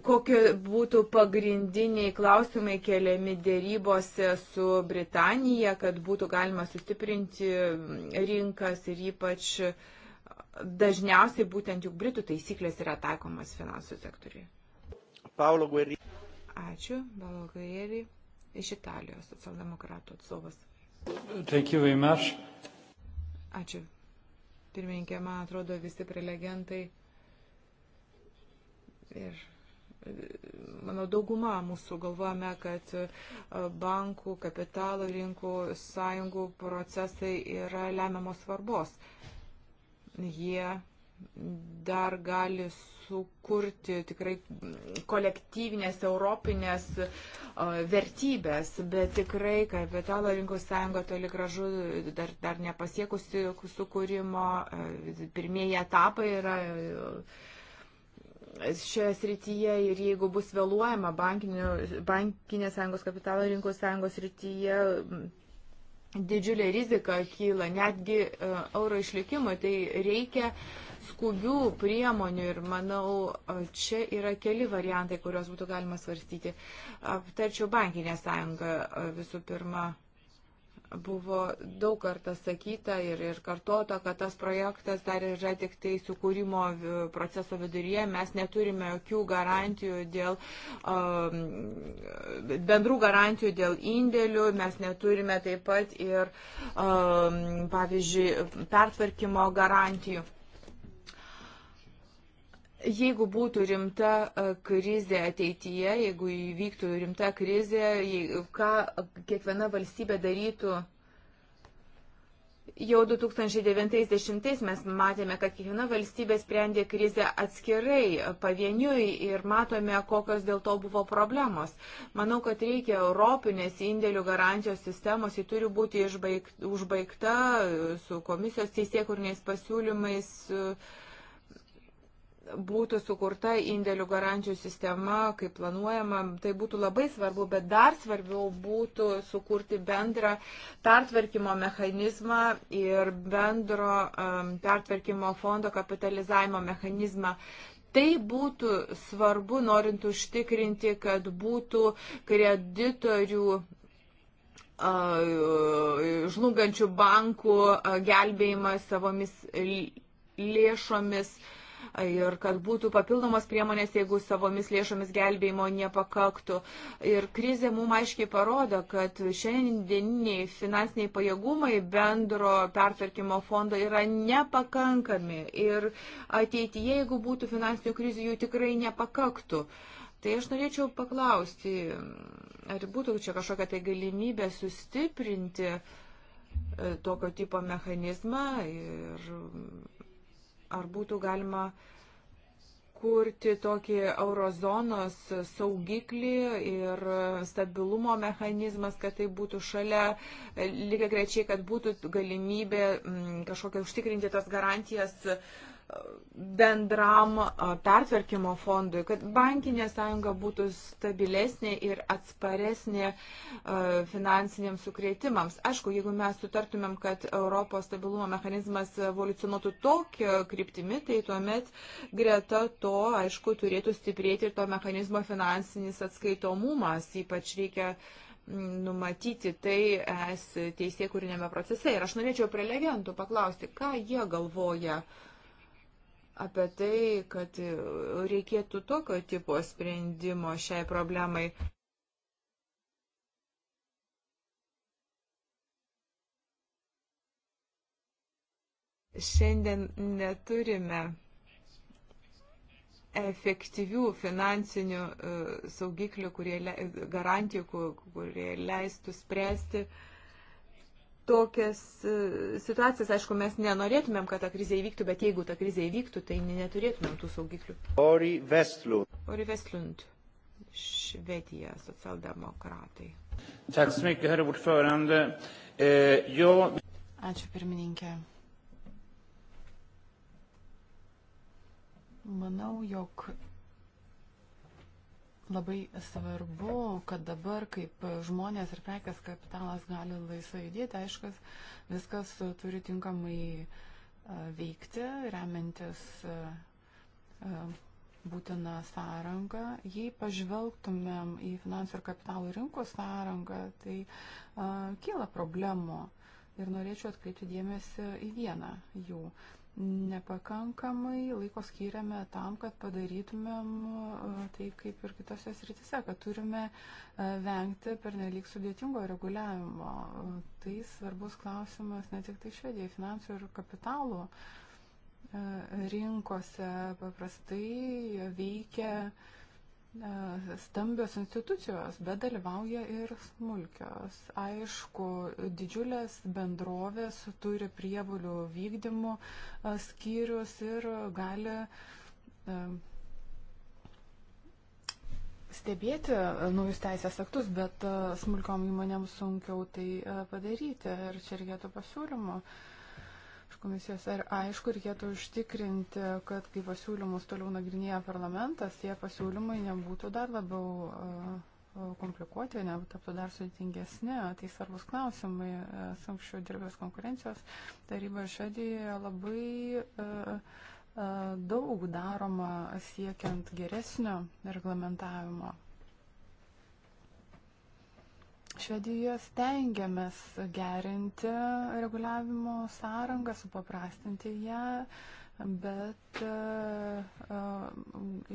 kokie būtų pagrindiniai klausimai keliami dėrybose su Britanija, kad būtų galima sustiprinti rinkas ir ypač dažniausiai būtent juk Britų taisyklės yra taikomas finansų sektoriui. Paulo Guerri. Ačiū, Paulo Guerri iš Italijos socialdemokratų atstovas. Thank you very much. Ačiū. Pirmininkė, man atrodo, visi prelegentai ir Manau, dauguma mūsų galvojame, kad e, bankų, kapitalo rinkų, sąjungų procesai yra lemiamos svarbos. Jie dar gali sukurti tikrai kolektyvinės europinės e, vertybės, bet tikrai kapitalo rinkų sąjunga toli gražu dar, dar nepasiekusi sukūrimo. E, pirmieji etapai yra šioje srityje ir jeigu bus vėluojama bankinės sąjungos kapitalo rinkos sąjungos srityje, didžiulė rizika kyla netgi e, euro išlikimui, tai reikia skubių priemonių ir manau, e, čia yra keli variantai, kuriuos būtų galima svarstyti. Aptarčiau bankinę sąjungą e, visų pirma buvo daug kartą sakyta ir, ir kartota, kad tas projektas dar yra tik tai sukūrimo proceso viduryje. Mes neturime jokių garantijų dėl um, bendrų garantijų dėl indėlių, mes neturime taip pat ir, um, pavyzdžiui, pertvarkymo garantijų. Jeigu būtų rimta e, krizė ateityje, jeigu įvyktų rimta krizė, ką kiekviena valstybė darytų, jau 2090 mes matėme, kad kiekviena valstybė sprendė krizę atskirai, pavieniui ir matome, kokios dėl to buvo problemos. Manau, kad reikia Europinės indėlių garantijos sistemos, ji turi būti išbaigta, užbaigta e, su komisijos teisėkurniais pasiūlymais. Su e, būtų sukurta indėlių garantijų sistema, kaip planuojama, tai būtų labai svarbu, bet dar svarbiau būtų sukurti bendrą pertvarkymo mechanizmą ir bendro um, pertvarkymo fondo kapitalizavimo mechanizmą. Tai būtų svarbu, norint užtikrinti, kad būtų kreditorių uh, žlugančių bankų uh, gelbėjimas savomis lėšomis. Uh, ir kad būtų papildomos priemonės, jeigu savomis lėšomis gelbėjimo nepakaktų. Ir krizė mums aiškiai parodo, kad šiandieniniai finansiniai pajėgumai bendro pertvarkymo fondo yra nepakankami ir ateityje, jeigu būtų finansinių krizių, jų tikrai nepakaktų. Tai aš norėčiau paklausti, ar būtų čia kažkokia tai galimybė sustiprinti e, tokio tipo mechanizmą ir ar būtų galima kurti tokį eurozonos saugiklį ir stabilumo mechanizmas, kad tai būtų šalia, lygiai grečiai, kad būtų galimybė mm, kažkokią užtikrinti tas garantijas bendram pertvarkymo fondui, kad bankinė sąjunga būtų stabilesnė ir atsparesnė finansiniams sukretimams. Aišku, jeigu mes sutartumėm, kad Europos stabilumo mechanizmas evoliucionuotų tokią kryptimį, tai tuomet greta to, aišku, turėtų stiprėti ir to mechanizmo finansinis atskaitomumas. Ypač reikia numatyti tai es teisėkūrinėme procese. Ir aš norėčiau prelegentų paklausti, ką jie galvoja apie tai, kad reikėtų tokio tipo sprendimo šiai problemai. Šiandien neturime efektyvių finansinių e, saugiklių, kurie, garantijų, kurie leistų spręsti uh, tokias e, situacijas, aišku, mes nenorėtumėm, kad ta krizė įvyktų, bet jeigu ta krizė įvyktų, tai neturėtumėm tų saugiklių. Ori Vestlund. Ori Vestlund, Švedija, socialdemokratai. Eh, Ačiū pirmininkė. Manau, jog labai svarbu, kad dabar kaip žmonės ir prekės kapitalas gali laisvai judėti, aišku, viskas turi tinkamai e, veikti, remiantis e, e, būtina sąranga. Jei pažvelgtumėm į finansų ir kapitalų rinkų sąrangą, tai a, kyla problemų ir norėčiau atkreipti dėmesį į vieną jų. A, nepakankamai laiko skiriame tam, kad padarytumėm e, tai kaip ir kitose sritise, kad turime e, vengti pernelyg sudėtingo reguliavimo. E, tai svarbus klausimas ne tik tai švedijai, finansų ir kapitalų rinkose paprastai veikia uh, stambios institucijos, bet dalyvauja ir smulkios. Aišku, didžiulės bendrovės turi prievolių vykdymų skyrius ir gali stebėti naujus teisės aktus, bet smulkiom įmonėms sunkiau tai padaryti ir čia reikėtų pasiūlymų. Uh, komisijos. Ar aišku, reikėtų užtikrinti, kad kai pasiūlymus toliau nagrinėja parlamentas, tie pasiūlymai nebūtų dar labiau e, e, komplikuoti, netaptų dar sudėtingesni. Tai svarbus klausimai. Esu anksčiau dirbęs konkurencijos taryboje Švedijoje labai e, daug daroma siekiant geresnio reglamentavimo. Švedijos tengiamės gerinti reguliavimo sąrangą, supaprastinti ją, bet e, e,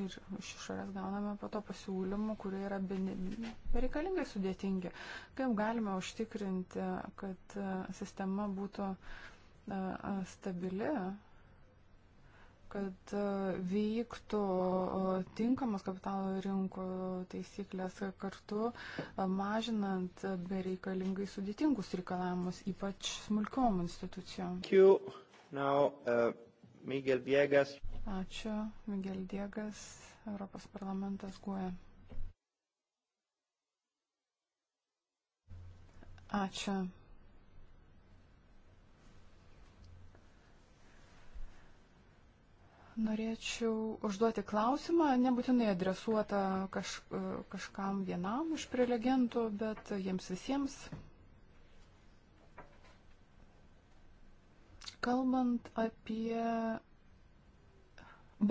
ir iš išorės gauname po to pasiūlymų, kurie yra bereikalingai sudėtingi. Kaip galime užtikrinti, kad e, sistema būtų stabili, kad e, vyktų tinkamas kapitalo rinkų taisyklės kartu, e, mažinant bereikalingai sudėtingus reikalavimus, ypač smulkiom institucijom. Now, uh, Miguel Diegas. Ačiū, Miguel Diegas, Europos parlamentas guoja. Ačiū. Norėčiau užduoti klausimą, nebūtinai adresuotą kaž, e, kažkam vienam iš prelegentų, bet jiems visiems. Kalbant apie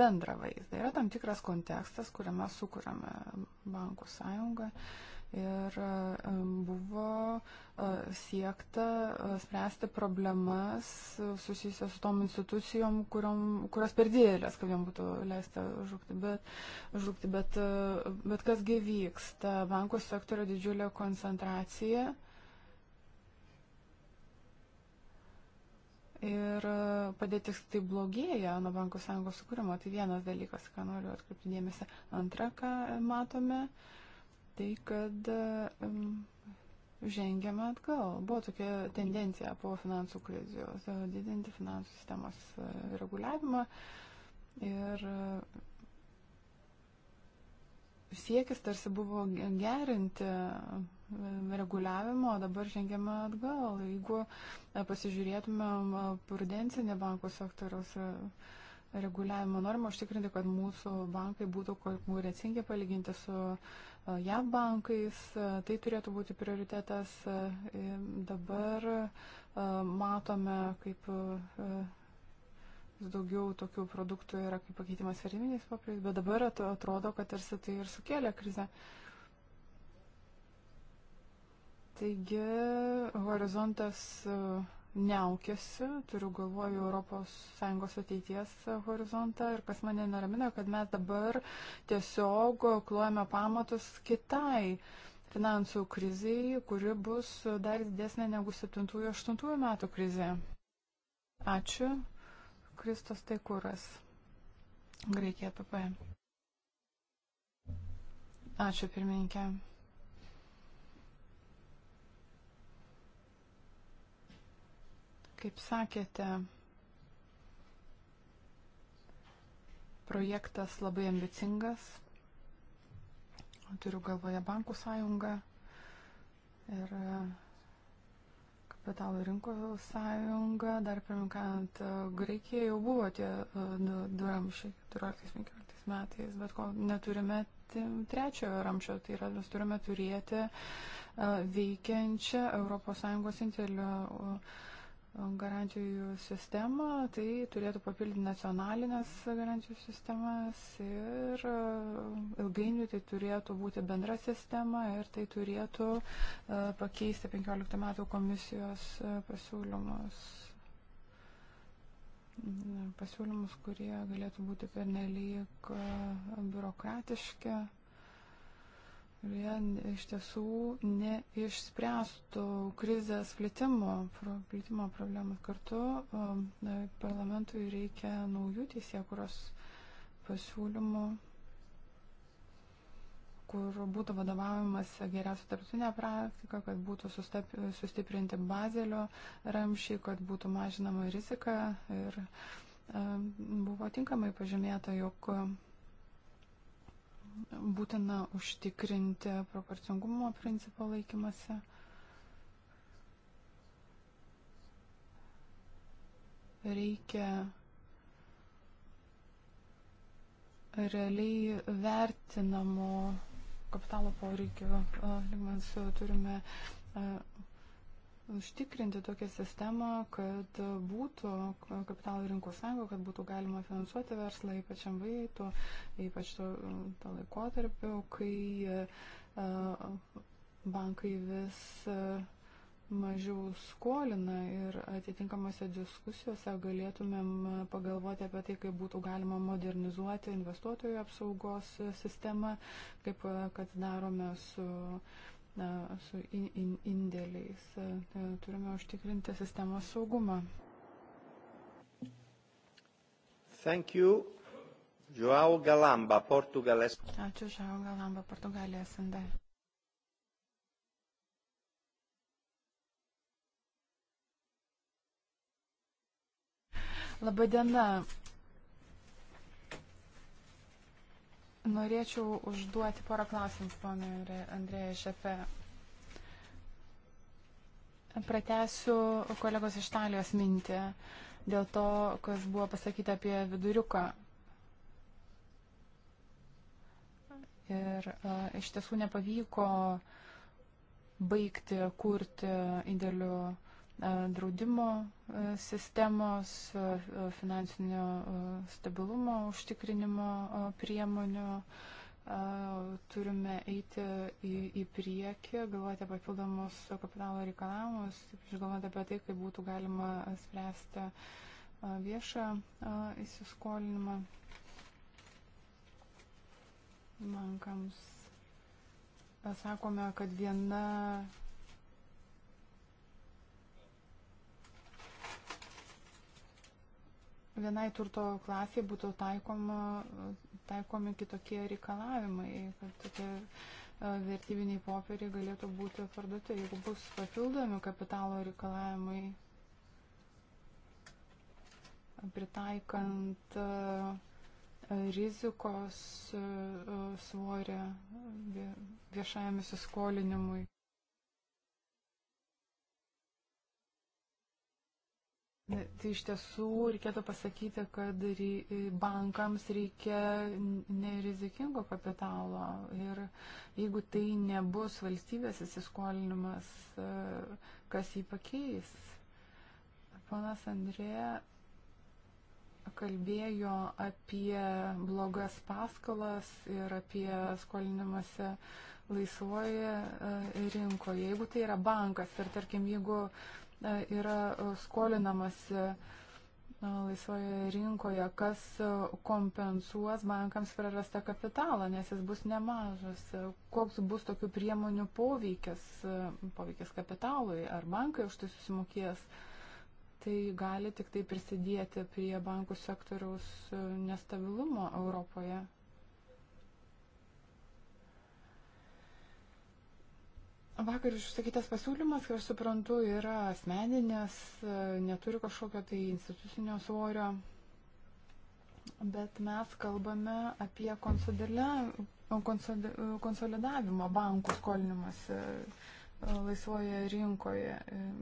bendrą vaizdą, yra tam tikras kontekstas, kuriame sukūrėme bankų sąjungą. Uh, ir e, buvo e, siekta e, spręsti problemas susijusias su tom institucijom, kuriom, kurios per didelės, kad jom būtų leista žūkti. Bet, žūkti, bet, bet kasgi vyksta? Bankų sektorio didžiulė koncentracija. Ir padėtis tai blogėja nuo bankų sąjungos sukūrimo. Tai vienas dalykas, ką noriu atkreipti dėmesį. Antra, ką matome. Uh, tai, kad žengiame atgal. Buvo tokia tendencija po finansų krizijos e, didinti finansų sistemos e, reguliavimą ir e, siekis tarsi buvo gerinti reguliavimo, o dabar žengiame atgal. Jeigu pasižiūrėtumėm prudencinį bankų sektoriaus reguliavimo normą, užtikrinti, kad mūsų bankai būtų konkurencingi palyginti su JAV bankais. Tai turėtų būti prioritetas. Dabar matome, kaip daugiau tokių produktų yra kaip pakeitimas vertiminiais popieriais, bet dabar atrodo, kad tarsi tai ir sukėlė krizę. Taigi, horizontas uh, neaukėsi, turiu galvoju ES ateities horizontą ir kas mane neramina, kad mes dabar tiesiog klojame pamatus kitai finansų kriziai, kuri bus dar didesnė negu 7-8 metų krizė. Ačiū. Kristos Taikūras. Graikija PP. E. Ačiū pirmininkė. Kaip sakėte, projektas labai ambicingas. Turiu galvoje bankų sąjungą ir e, kapitalo rinkų sąjunga, dar pirminkant e, Graikijai jau buvo tie e, du ramšiai 14-15 metais, bet kol neturime trečiojo ramšio, tai yra mes turime turėti veikiančią ES indėlių garantijų sistemą, tai turėtų papildyti nacionalinės garantijų sistemas ir e, ilgainiui tai turėtų būti bendra sistema ir tai turėtų e, pakeisti 15 metų komisijos e, pasiūlymus pasiūlymus, kurie galėtų būti pernelyg biurokratiški kurie iš tiesų neišspręstų krizės plitimo, plitimo problemų. Kartu um, na, parlamentui reikia naujų teisėkuros pasiūlymų, kur būtų vadovaujamas geriausia tarptautinė praktika, kad būtų sustiprinti bazelio ramšiai, kad būtų mažinama rizika. Ir a, um, buvo tinkamai pažymėta, jog būtina užtikrinti proporcingumo principo laikymasi. Reikia realiai vertinamo kapitalo poreikio lygmens turime užtikrinti tokią sistemą, kad būtų kapitalo rinkų sąjunga, kad būtų galima finansuoti verslą ypač MVI, ypač to, to laikotarpio, kai e, bankai vis e, mažiau skolina ir atitinkamose diskusijose galėtumėm pagalvoti apie tai, kaip būtų galima modernizuoti investuotojų apsaugos sistemą, kaip kad darome su uh, su in, in, indėliais. E, e, turime užtikrinti sistemos saugumą. Thank you. João Galamba, Portugalės. Ačiū, João Galamba, Portugalės ND. Labadiena. Norėčiau užduoti porą klausimų, ponai Andrėja Šefe. Pratesiu kolegos iš Talijos mintį dėl to, kas buvo pasakyta apie viduriuką. Ir a, iš tiesų nepavyko baigti kurti indėlių E, draudimo e, sistemos, e, finansinio stabilumo užtikrinimo priemonių. Turime eiti į, į priekį, galvoti apie papildomus kapitalo reikalavimus, galvoti apie tai, kaip būtų galima spręsti viešą įsiskolinimą bankams sakome, kad viena vienai turto klasiai būtų taikoma, taikomi kitokie reikalavimai, kad tokie e, vertybiniai popieriai galėtų būti parduoti, jeigu bus papildomi kapitalo reikalavimai pritaikant e, rizikos e, svorę viešajam įsiskolinimui. Tai iš tiesų reikėtų pasakyti, kad bankams reikia nerizikingo kapitalo ir jeigu tai nebus valstybės įsiskolinimas, e, kas jį pakeis. Panas Andrė kalbėjo apie blogas paskalas ir apie skolinimąsi laisvoje e, rinkoje. Jeigu tai yra bankas ir tarkim, jeigu yra e, skolinamasi e, laisvoje rinkoje, kas e, kompensuos bankams prarastą kapitalą, nes jis bus nemažas. Koks bus tokių priemonių poveikis, poveikis kapitalui, ar bankai už tai susimokės, tai gali tik tai prisidėti prie bankų sektoriaus nestabilumo Europoje. Vakar išsakytas pasiūlymas, kaip aš suprantu, yra asmeninės, e, neturi kažkokio tai institucinio svorio, bet mes kalbame apie konsolidavimą bankų skolinimas e, laisvoje rinkoje.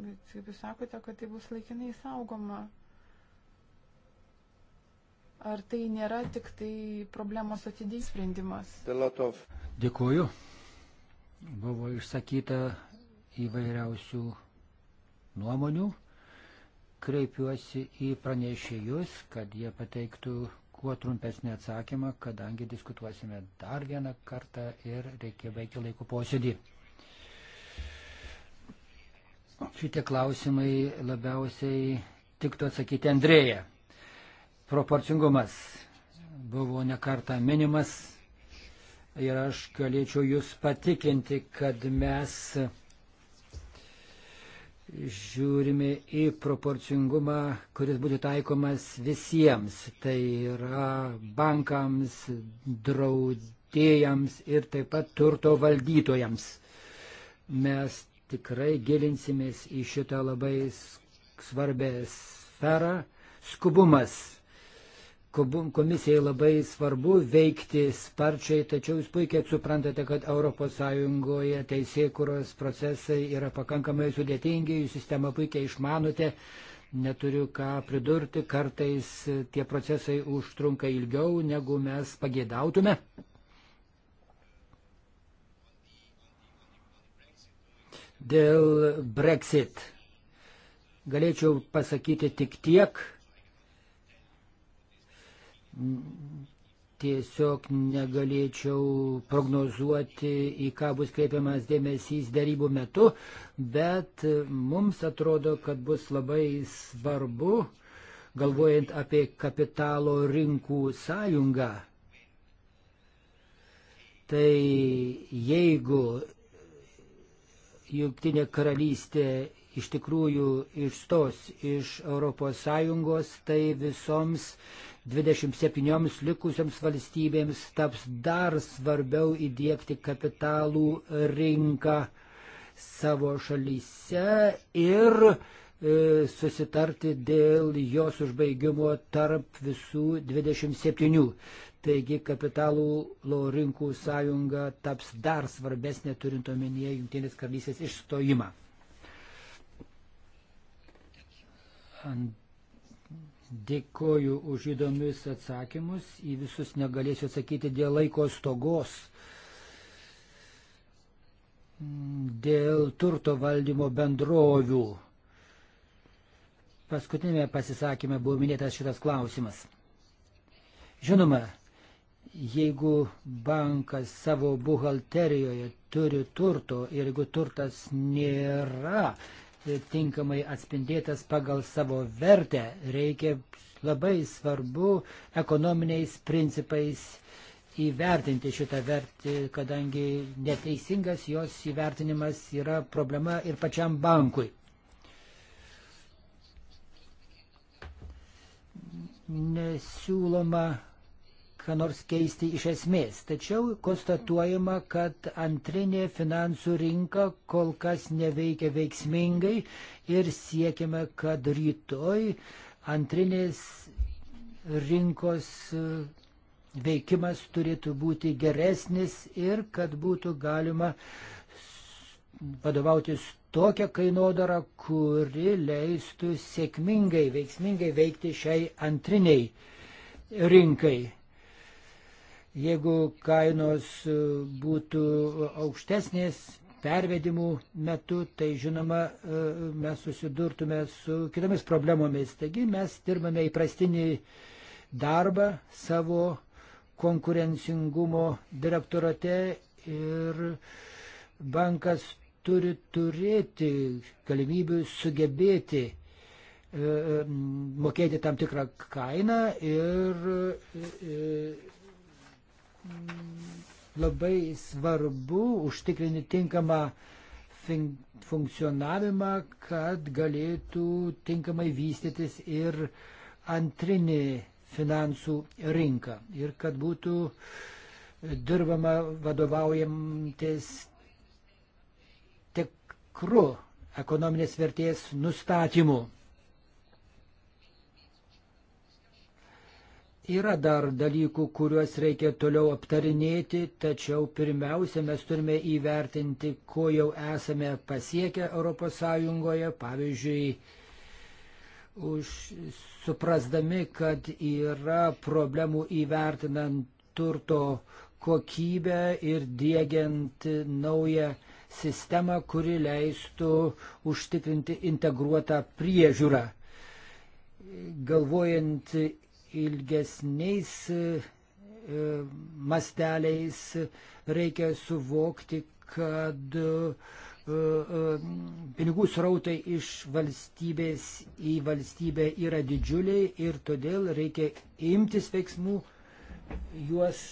Bet kaip jūs sakote, kad tai bus laikinai saugoma. Ar tai nėra tik tai problemos atidėjai sprendimas? Dėkuoju. Buvo išsakyta įvairiausių nuomonių. Kreipiuosi į pranešėjus, kad jie pateiktų kuo trumpesnį atsakymą, kadangi diskutuosime dar vieną kartą ir reikia baigti laiko posėdį. Šitie klausimai labiausiai tiktų atsakyti Andrėja. Proporcingumas buvo nekarta minimas ir aš galėčiau jūs patikinti, kad mes žiūrime į proporcingumą, kuris būtų taikomas visiems. Tai yra bankams, draudėjams ir taip pat turto valdytojams. Mes tikrai gilinsimės į šitą labai svarbę sferą. Skubumas komisijai labai svarbu veikti sparčiai, tačiau jūs puikiai suprantate, kad ES teisėkuros procesai yra pakankamai sudėtingi, jūs sistemą puikiai išmanote, neturiu ką pridurti, kartais tie procesai užtrunka ilgiau, negu mes pagėdautume. Dėl Brexit galėčiau pasakyti tik tiek, tiesiog negalėčiau prognozuoti, į ką bus kreipiamas dėmesys darybų metu, bet mums atrodo, kad bus labai svarbu, galvojant apie kapitalo rinkų sąjungą. Tai jeigu Junktinė karalystė iš tikrųjų išstos iš ES, tai visoms 27 likusiams valstybėms taps dar svarbiau įdėkti kapitalų rinką savo šalyse ir e, susitarti dėl jos užbaigimo tarp visų 27. Taigi kapitalų rinkų sąjunga taps dar svarbesnė turint omenyje Junktinės karalystės išstojimą. Ant Dėkoju už įdomius atsakymus. Į visus negalėsiu atsakyti dėl laiko stogos, dėl turto valdymo bendrovių. Paskutinėme pasisakymė buvo minėtas šitas klausimas. Žinoma, jeigu bankas savo buhalterijoje turi turto ir jeigu turtas nėra tinkamai atspindėtas pagal savo vertę. Reikia labai svarbu ekonominiais principais įvertinti šitą vertį, kadangi neteisingas jos įvertinimas yra problema ir pačiam bankui. Nesiūloma ką nors keisti iš esmės. Tačiau konstatuojama, kad antrinė finansų rinka kol kas neveikia veiksmingai ir siekime, kad rytoj antrinės rinkos e, veikimas turėtų būti geresnis ir kad būtų galima vadovautis tokią kainodarą, kuri leistų sėkmingai, veiksmingai veikti šiai antriniai rinkai. Jeigu kainos e, būtų aukštesnės pervedimų metu, tai žinoma, e, mes susidurtume su kitomis problemomis. Taigi mes dirbame įprastinį darbą savo konkurencingumo direktorate ir bankas turi turėti galimybių sugebėti e, mokėti tam tikrą kainą ir labai svarbu užtikrinti tinkamą funkcionavimą, kad galėtų tinkamai vystytis ir antrinė finansų rinka ir kad būtų dirbama vadovaujantis tikru ekonominės vertės nustatymu. Yra dar dalykų, kuriuos reikia toliau aptarinėti, tačiau pirmiausia, mes turime įvertinti, ko jau esame pasiekę ES, pavyzdžiui, už, suprasdami, kad yra problemų įvertinant turto kokybę ir dėgiant naują sistemą, kuri leistų užtikrinti integruotą priežiūrą galvojant ilgesniais e, e, masteliais reikia suvokti, kad e, pinigų srautai iš valstybės į valstybę yra didžiuliai ir todėl reikia imtis veiksmų juos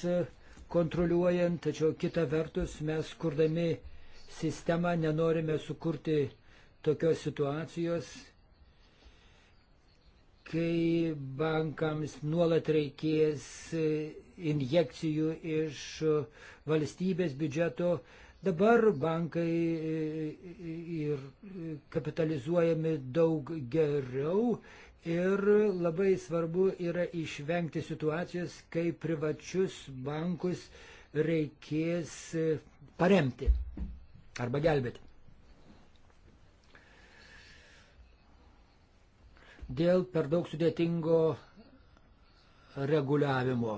kontroliuojant, tačiau kita vertus mes kurdami sistemą nenorime sukurti tokios situacijos, kai bankams nuolat reikės e, injekcijų iš valstybės biudžeto. Dabar bankai e, e, ir kapitalizuojami daug geriau ir labai svarbu yra išvengti situacijos, kai privačius bankus reikės paremti arba gelbėti. Dėl per daug sudėtingo reguliavimo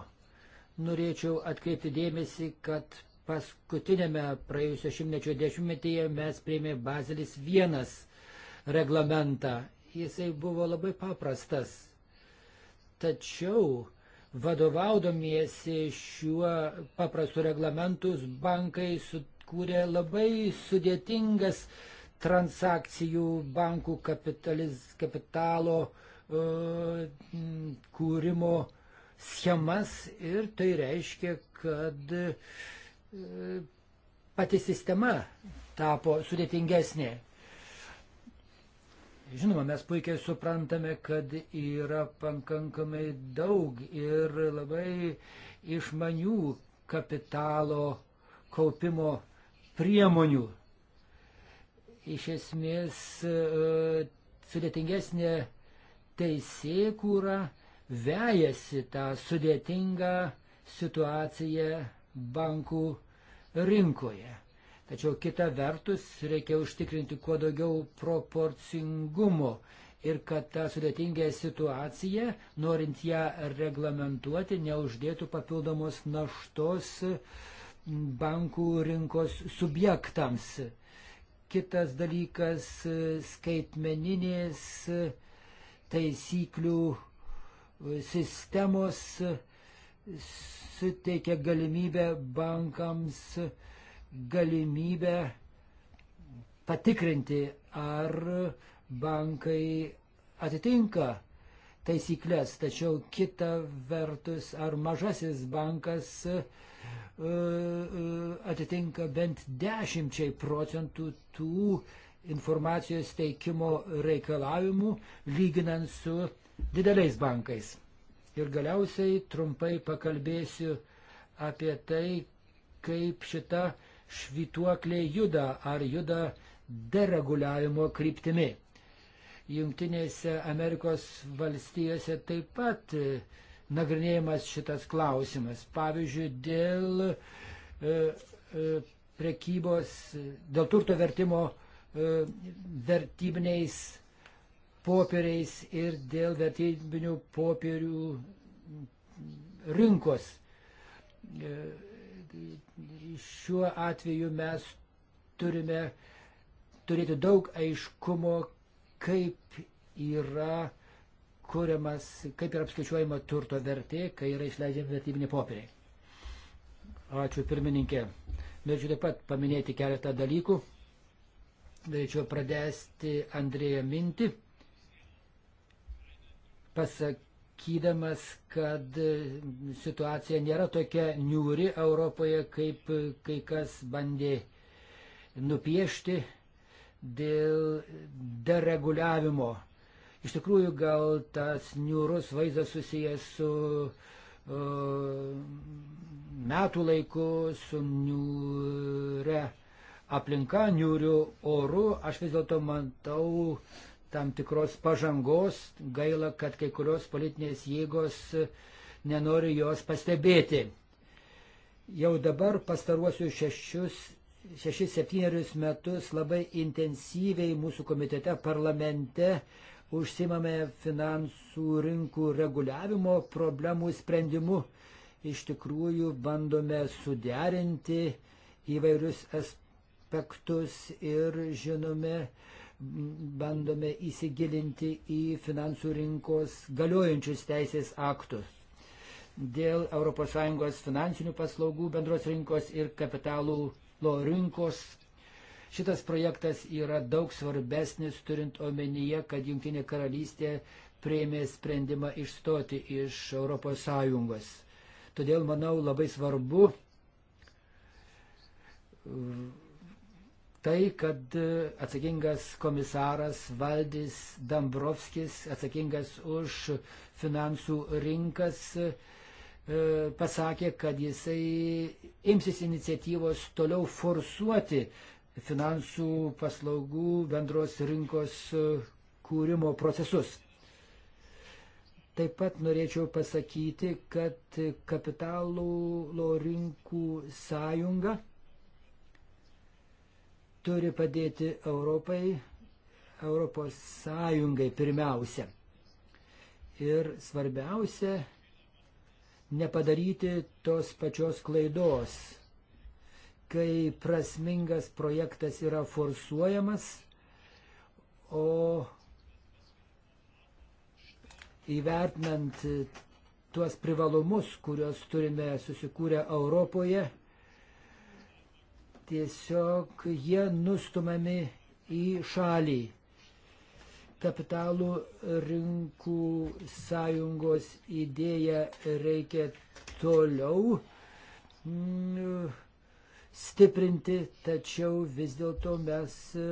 norėčiau atkreipti dėmesį, kad paskutinėme praėjusio šimtmečio dešimtmetyje mes prieimė Bazelis vienas reglamentą. Jisai buvo labai paprastas. Tačiau vadovaudomiesi šiuo paprastu reglamentus bankai sukūrė labai sudėtingas uh, transakcijų, bankų kapitaliz, kapitalo uh, kūrimo schemas ir tai reiškia, kad uh, pati sistema tapo sudėtingesnė. Žinoma, mes puikiai suprantame, kad yra pakankamai daug ir labai išmanių kapitalo kaupimo priemonių iš esmės e, sudėtingesnė teisėkūra vejasi tą sudėtingą situaciją bankų rinkoje. Tačiau kita vertus reikia užtikrinti kuo daugiau proporcingumo ir kad ta sudėtinga situacija, norint ją reglamentuoti, neuždėtų papildomos naštos bankų rinkos subjektams. Kitas dalykas - skaitmeninės taisyklių sistemos suteikia galimybę bankams galimybę patikrinti, ar bankai atitinka taisyklės, tačiau kita vertus, ar mažasis bankas uh, E, e, atitinka bent 10 procentų tų informacijos teikimo reikalavimų lyginant su dideliais bankais. Ir galiausiai trumpai pakalbėsiu apie tai, kaip šita švituoklė juda ar juda dereguliavimo kryptimi. Junktinėse Amerikos valstijose taip pat nagrinėjimas šitas klausimas. Pavyzdžiui, dėl e, e, prekybos, dėl turto vertimo e, vertybiniais popieriais ir dėl vertybinių popierių rinkos. E, šiuo atveju mes turime turėti daug aiškumo, kaip yra uh, kuriamas, kaip yra apskaičiuojama turto vertė, kai yra išleidžiami vertybiniai popieriai. Ačiū pirmininkė. Norėčiau taip pat paminėti keletą dalykų. Norėčiau pradėsti Andrėją mintį, pasakydamas, kad situacija nėra tokia niūri Europoje, kaip kai kas bandė nupiešti dėl dereguliavimo Iš tikrųjų, gal tas niūrus vaizdas susijęs su uh, metų laiku, su niūre aplinka, niūriu oru. Aš vis dėlto matau tam tikros pažangos, gaila, kad kai kurios politinės jėgos nenori jos pastebėti. Jau dabar pastaruosius šešius šešis, septynerius metus labai intensyviai mūsų komitete parlamente užsimame finansų rinkų reguliavimo problemų sprendimu. Iš tikrųjų bandome suderinti įvairius aspektus ir žinome, bandome įsigilinti į finansų rinkos galiojančius teisės aktus dėl ES finansinių paslaugų bendros rinkos ir kapitalų rinkos Šitas projektas yra daug svarbesnis, turint omenyje, kad Junktinė karalystė prieimė sprendimą išstoti iš ES. Todėl, manau, labai svarbu tai, kad atsakingas komisaras Valdis Dambrovskis, atsakingas už finansų rinkas, pasakė, kad jisai imsis iniciatyvos toliau forsuoti finansų paslaugų bendros rinkos e, kūrimo procesus. Taip pat norėčiau pasakyti, kad kapitalo rinkų sąjunga turi padėti Europai, Europos sąjungai pirmiausia. Ir svarbiausia, nepadaryti tos pačios klaidos kai prasmingas projektas yra forsuojamas, o įvertinant tuos privalumus, kuriuos turime susikūrę Europoje, tiesiog jie nustumami į šalį. Kapitalų rinkų sąjungos idėją reikia toliau. Mm, stiprinti, tačiau vis dėlto mes e,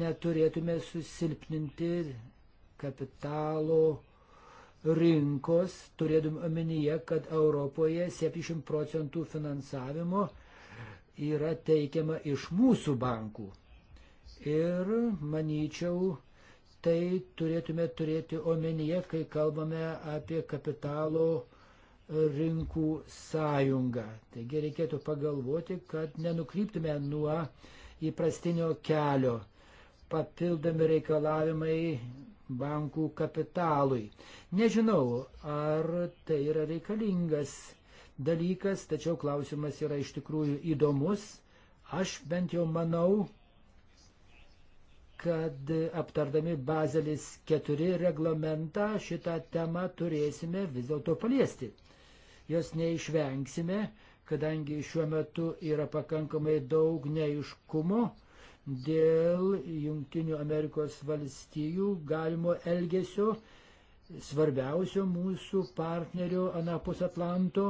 neturėtume susilpninti kapitalo rinkos, turėdum omenyje, kad Europoje 70 procentų finansavimo yra teikiama iš mūsų bankų. Ir manyčiau, tai turėtume turėti omenyje, kai kalbame apie kapitalo rinkų sąjungą. Taigi reikėtų pagalvoti, kad nenukryptume nuo įprastinio kelio. Papildomi reikalavimai bankų kapitalui. Nežinau, ar tai yra reikalingas dalykas, tačiau klausimas yra iš tikrųjų įdomus. Aš bent jau manau, kad aptardami Bazelis 4 reglamentą šitą temą turėsime vis dėlto paliesti jos neišvengsime, kadangi šiuo metu yra pakankamai daug neiškumo dėl Junktinių Amerikos valstijų galimo elgesio svarbiausio mūsų partnerio anapus Atlanto.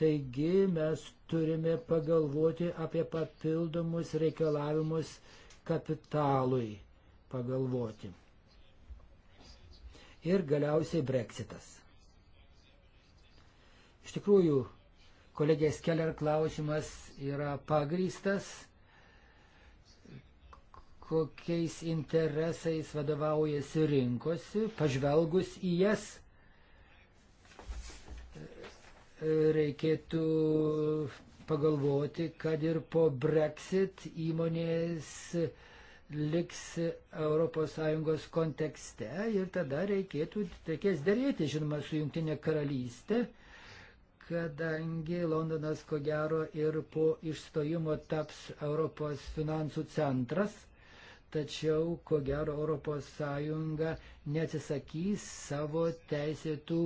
Taigi mes turime pagalvoti apie papildomus reikalavimus kapitalui pagalvoti. Ir galiausiai breksitas. Iš tikrųjų, kolegės Keller klausimas yra pagrystas, kokiais interesais vadovaujasi rinkosi, pažvelgus į jas reikėtų pagalvoti, kad ir po Brexit įmonės liks ES kontekste ir tada reikėtų, reikės dėrėti, žinoma, su Junktinė karalystė kadangi Londonas ko gero ir po išstojimo taps Europos finansų centras, tačiau ko gero ES neatsisakys savo teisėtų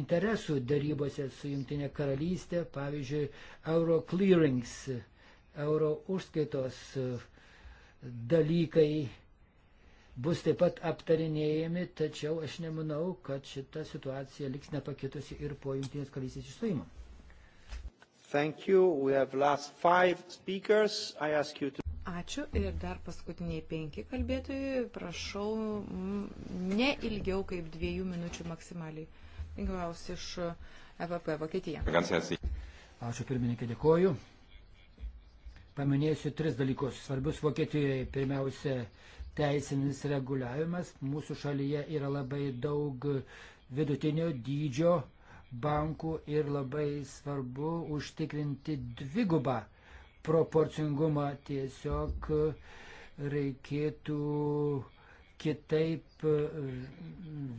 interesų darybose su Junktinė karalystė, pavyzdžiui, euro clearings, euro užskaitos dalykai bus taip pat aptarinėjami, tačiau aš nemanau, kad šita situacija liks nepakitusi ir po Junktinės karalystės išstojimo. To... Ačiū ir dar paskutiniai penki kalbėtojai. Prašau ne ilgiau kaip dviejų minučių maksimaliai. Penkiaus iš EVP Vokietija. Ačiū pirmininkė, dėkoju. Paminėsiu tris dalykus svarbius Vokietijoje. Pirmiausia, teisinis reguliavimas. Mūsų šalyje yra labai daug vidutinio dydžio bankų ir labai svarbu užtikrinti dvigubą proporcingumą. Tiesiog reikėtų kitaip e,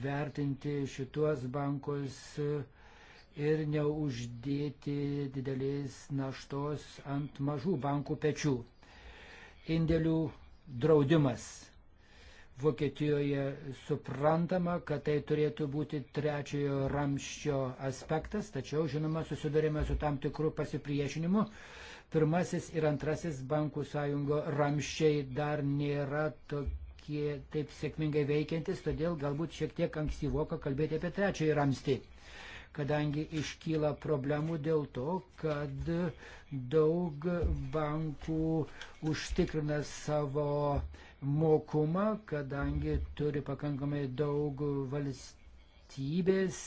vertinti šituos bankus ir neuždėti didelės naštos ant mažų bankų pečių. Indėlių draudimas Vokietijoje suprantama, kad tai turėtų būti trečiojo ramščio aspektas, tačiau, žinoma, susidurime su tam tikru pasipriešinimu. Pirmasis ir antrasis bankų sąjungo ramščiai dar nėra tokie taip sėkmingai veikiantis, todėl galbūt šiek tiek ankstyvoka kalbėti apie trečiąjį ramstį, kadangi iškyla problemų dėl to, kad daug bankų užtikrina savo uh, mokumą, kadangi turi pakankamai daug valstybės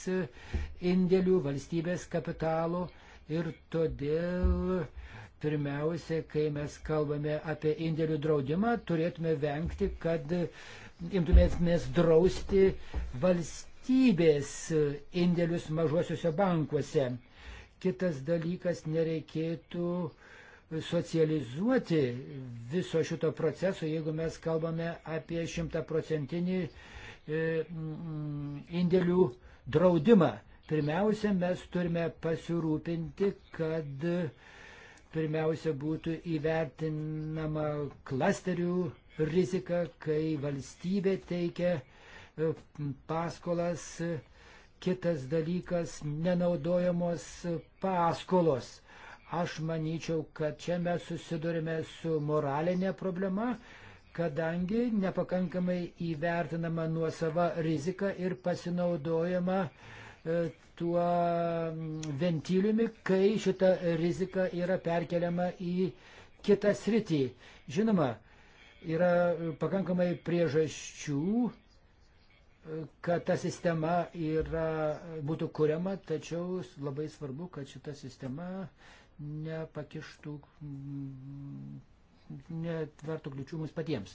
indėlių, valstybės kapitalo ir todėl pirmiausia, kai mes kalbame apie indėlių draudimą, turėtume vengti, kad imtumėmės drausti valstybės indėlius mažuosiuose bankuose. Kitas dalykas, nereikėtų uh, socializuoti viso šito proceso, jeigu mes kalbame apie šimtaprocentinį e, mm, indėlių draudimą. Pirmiausia, mes turime pasirūpinti, kad pirmiausia būtų įvertinama klasterių rizika, kai valstybė teikia e, paskolas, kitas dalykas nenaudojamos paskolos. Aš manyčiau, kad čia mes susidurime su moralinė problema, kadangi nepakankamai įvertinama nuosava rizika ir pasinaudojama e, tuo mm, ventiliumi, kai šita rizika yra perkeliama į kitą sritį. Žinoma, yra pakankamai priežasčių, kad ta sistema yra, būtų kuriama, tačiau labai svarbu, kad šita sistema nepakištų, mm, netvertų kliučių mums patiems.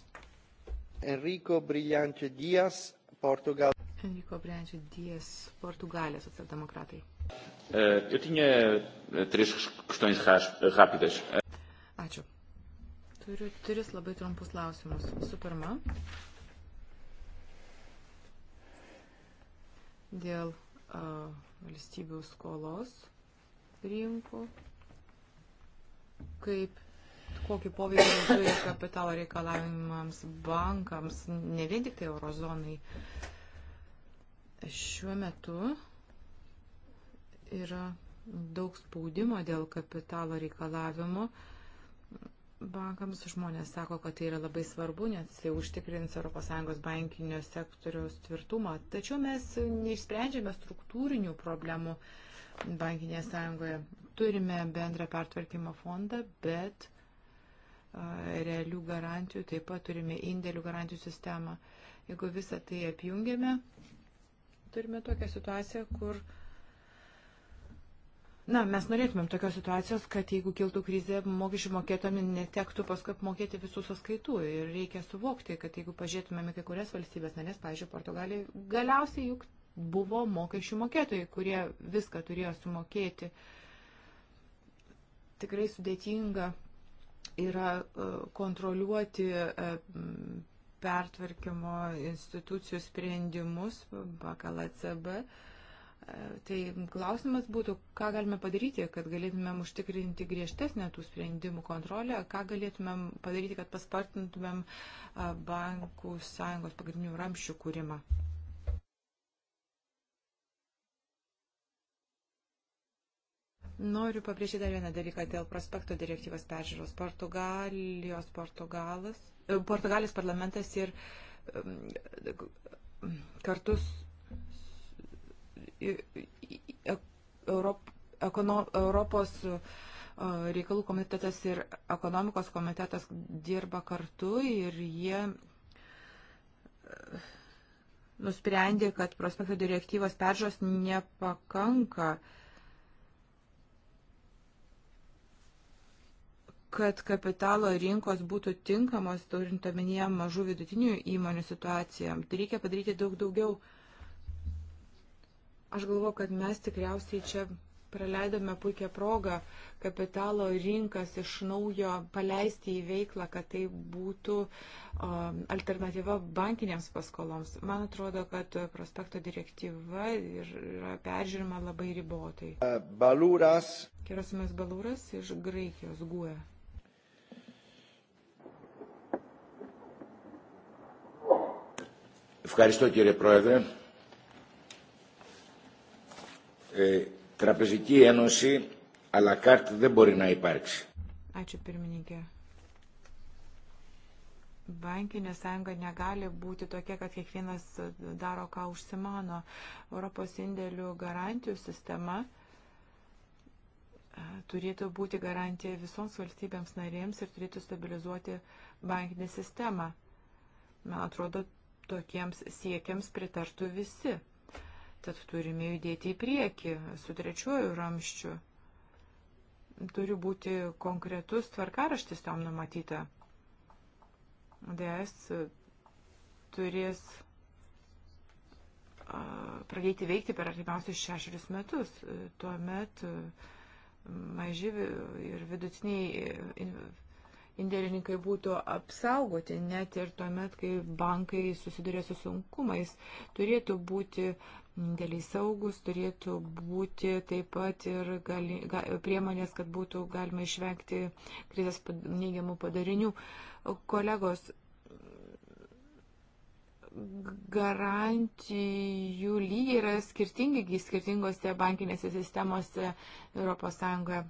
Enrico Brillančio Dijas, Portugal. Enrico Brillančio Dijas, Portugalija, socialdemokratai. Eu tinha e, três questões rápidas. Ačiū. Turiu tris labai trumpus klausimus. Visų pirma, dėl a, valstybių skolos rinkų, kaip kokį poveikį turi kapitalo reikalavimams bankams, ne vien tik tai eurozonai. Šiuo metu yra daug spaudimo dėl kapitalo reikalavimo. Uh, bankams. Žmonės sako, kad tai yra labai svarbu, nes tai užtikrins ES bankinio sektoriaus tvirtumą. Tačiau mes neišsprendžiame struktūrinių problemų bankinėje sąjungoje. Turime bendrą pertvarkymo fondą, bet realių garantijų, taip pat turime indėlių garantijų sistemą. Jeigu visą tai apjungiame, turime tokią situaciją, kur uh, Na, mes norėtumėm tokios situacijos, kad jeigu kiltų krizė, mokesčių mokėtami netektų paskui apmokėti visų sąskaitų. Ir reikia suvokti, kad jeigu pažiūrėtumėme kai kurias valstybės narės, pažiūrėjau, Portugalija, galiausiai juk buvo mokesčių mokėtojai, kurie viską turėjo sumokėti. Tikrai sudėtinga yra e, kontroliuoti e, pertvarkymo institucijų sprendimus pagal ACB. Uh, Tai klausimas būtų, ką galime padaryti, kad galėtumėm užtikrinti griežtesnę tų sprendimų kontrolę, ką galėtumėm padaryti, kad paspartintumėm bankų sąjungos pagrindinių ramščių kūrimą. Noriu pabrėžti dar vieną dalyką dėl prospekto direktyvos peržiūros. Portugalijos, Portugalas, e, Portugalijos parlamentas ir kartus Europ, ekono, Europos reikalų komitetas ir ekonomikos komitetas dirba kartu ir jie nusprendė, kad prospekto direktyvos peržos nepakanka, kad kapitalo rinkos būtų tinkamos, turint omenyje mažų vidutinių įmonių situaciją. Tai reikia padaryti daug daugiau. Uh, Aš galvoju, kad mes tikriausiai čia praleidome puikią progą kapitalo rinkas iš naujo paleisti į veiklą, kad tai būtų um, alternatyva bankinėms paskoloms. Man atrodo, kad prospekto direktyva yra peržiūrima labai ribotai. Balūras. Kerasimas Balūras iš Graikijos guė. Ευχαριστώ κύριε Πρόεδρε ε, τραπεζική ένωση αλλά κάρτ δεν μπορεί να υπάρξει. Ačiū pirmininkė. Bankinė sąjunga negali būti tokia, kad kiekvienas daro, ką užsimano. Europos indėlių garantijų sistema e, turėtų būti garantija visoms valstybėms narėms ir turėtų stabilizuoti bankinę sistemą. Man atrodo, tokiems siekiams pritartų visi Tad turime judėti į priekį su trečiuoju ramščiu. Turi būti konkretus tvarkaraštis tam numatyta. DS turės pradėti veikti per artimiausius šešerius metus. Tuomet maži ir vidutiniai indėlininkai būtų apsaugoti, net ir tuomet, kai bankai susiduria su sunkumais, turėtų būti indėliai saugus, turėtų būti taip pat ir gali, ga, priemonės, kad būtų galima išvengti krizės neigiamų padarinių. Kolegos, garantijų lygiai yra skirtingi skirtingose bankinėse sistemose ES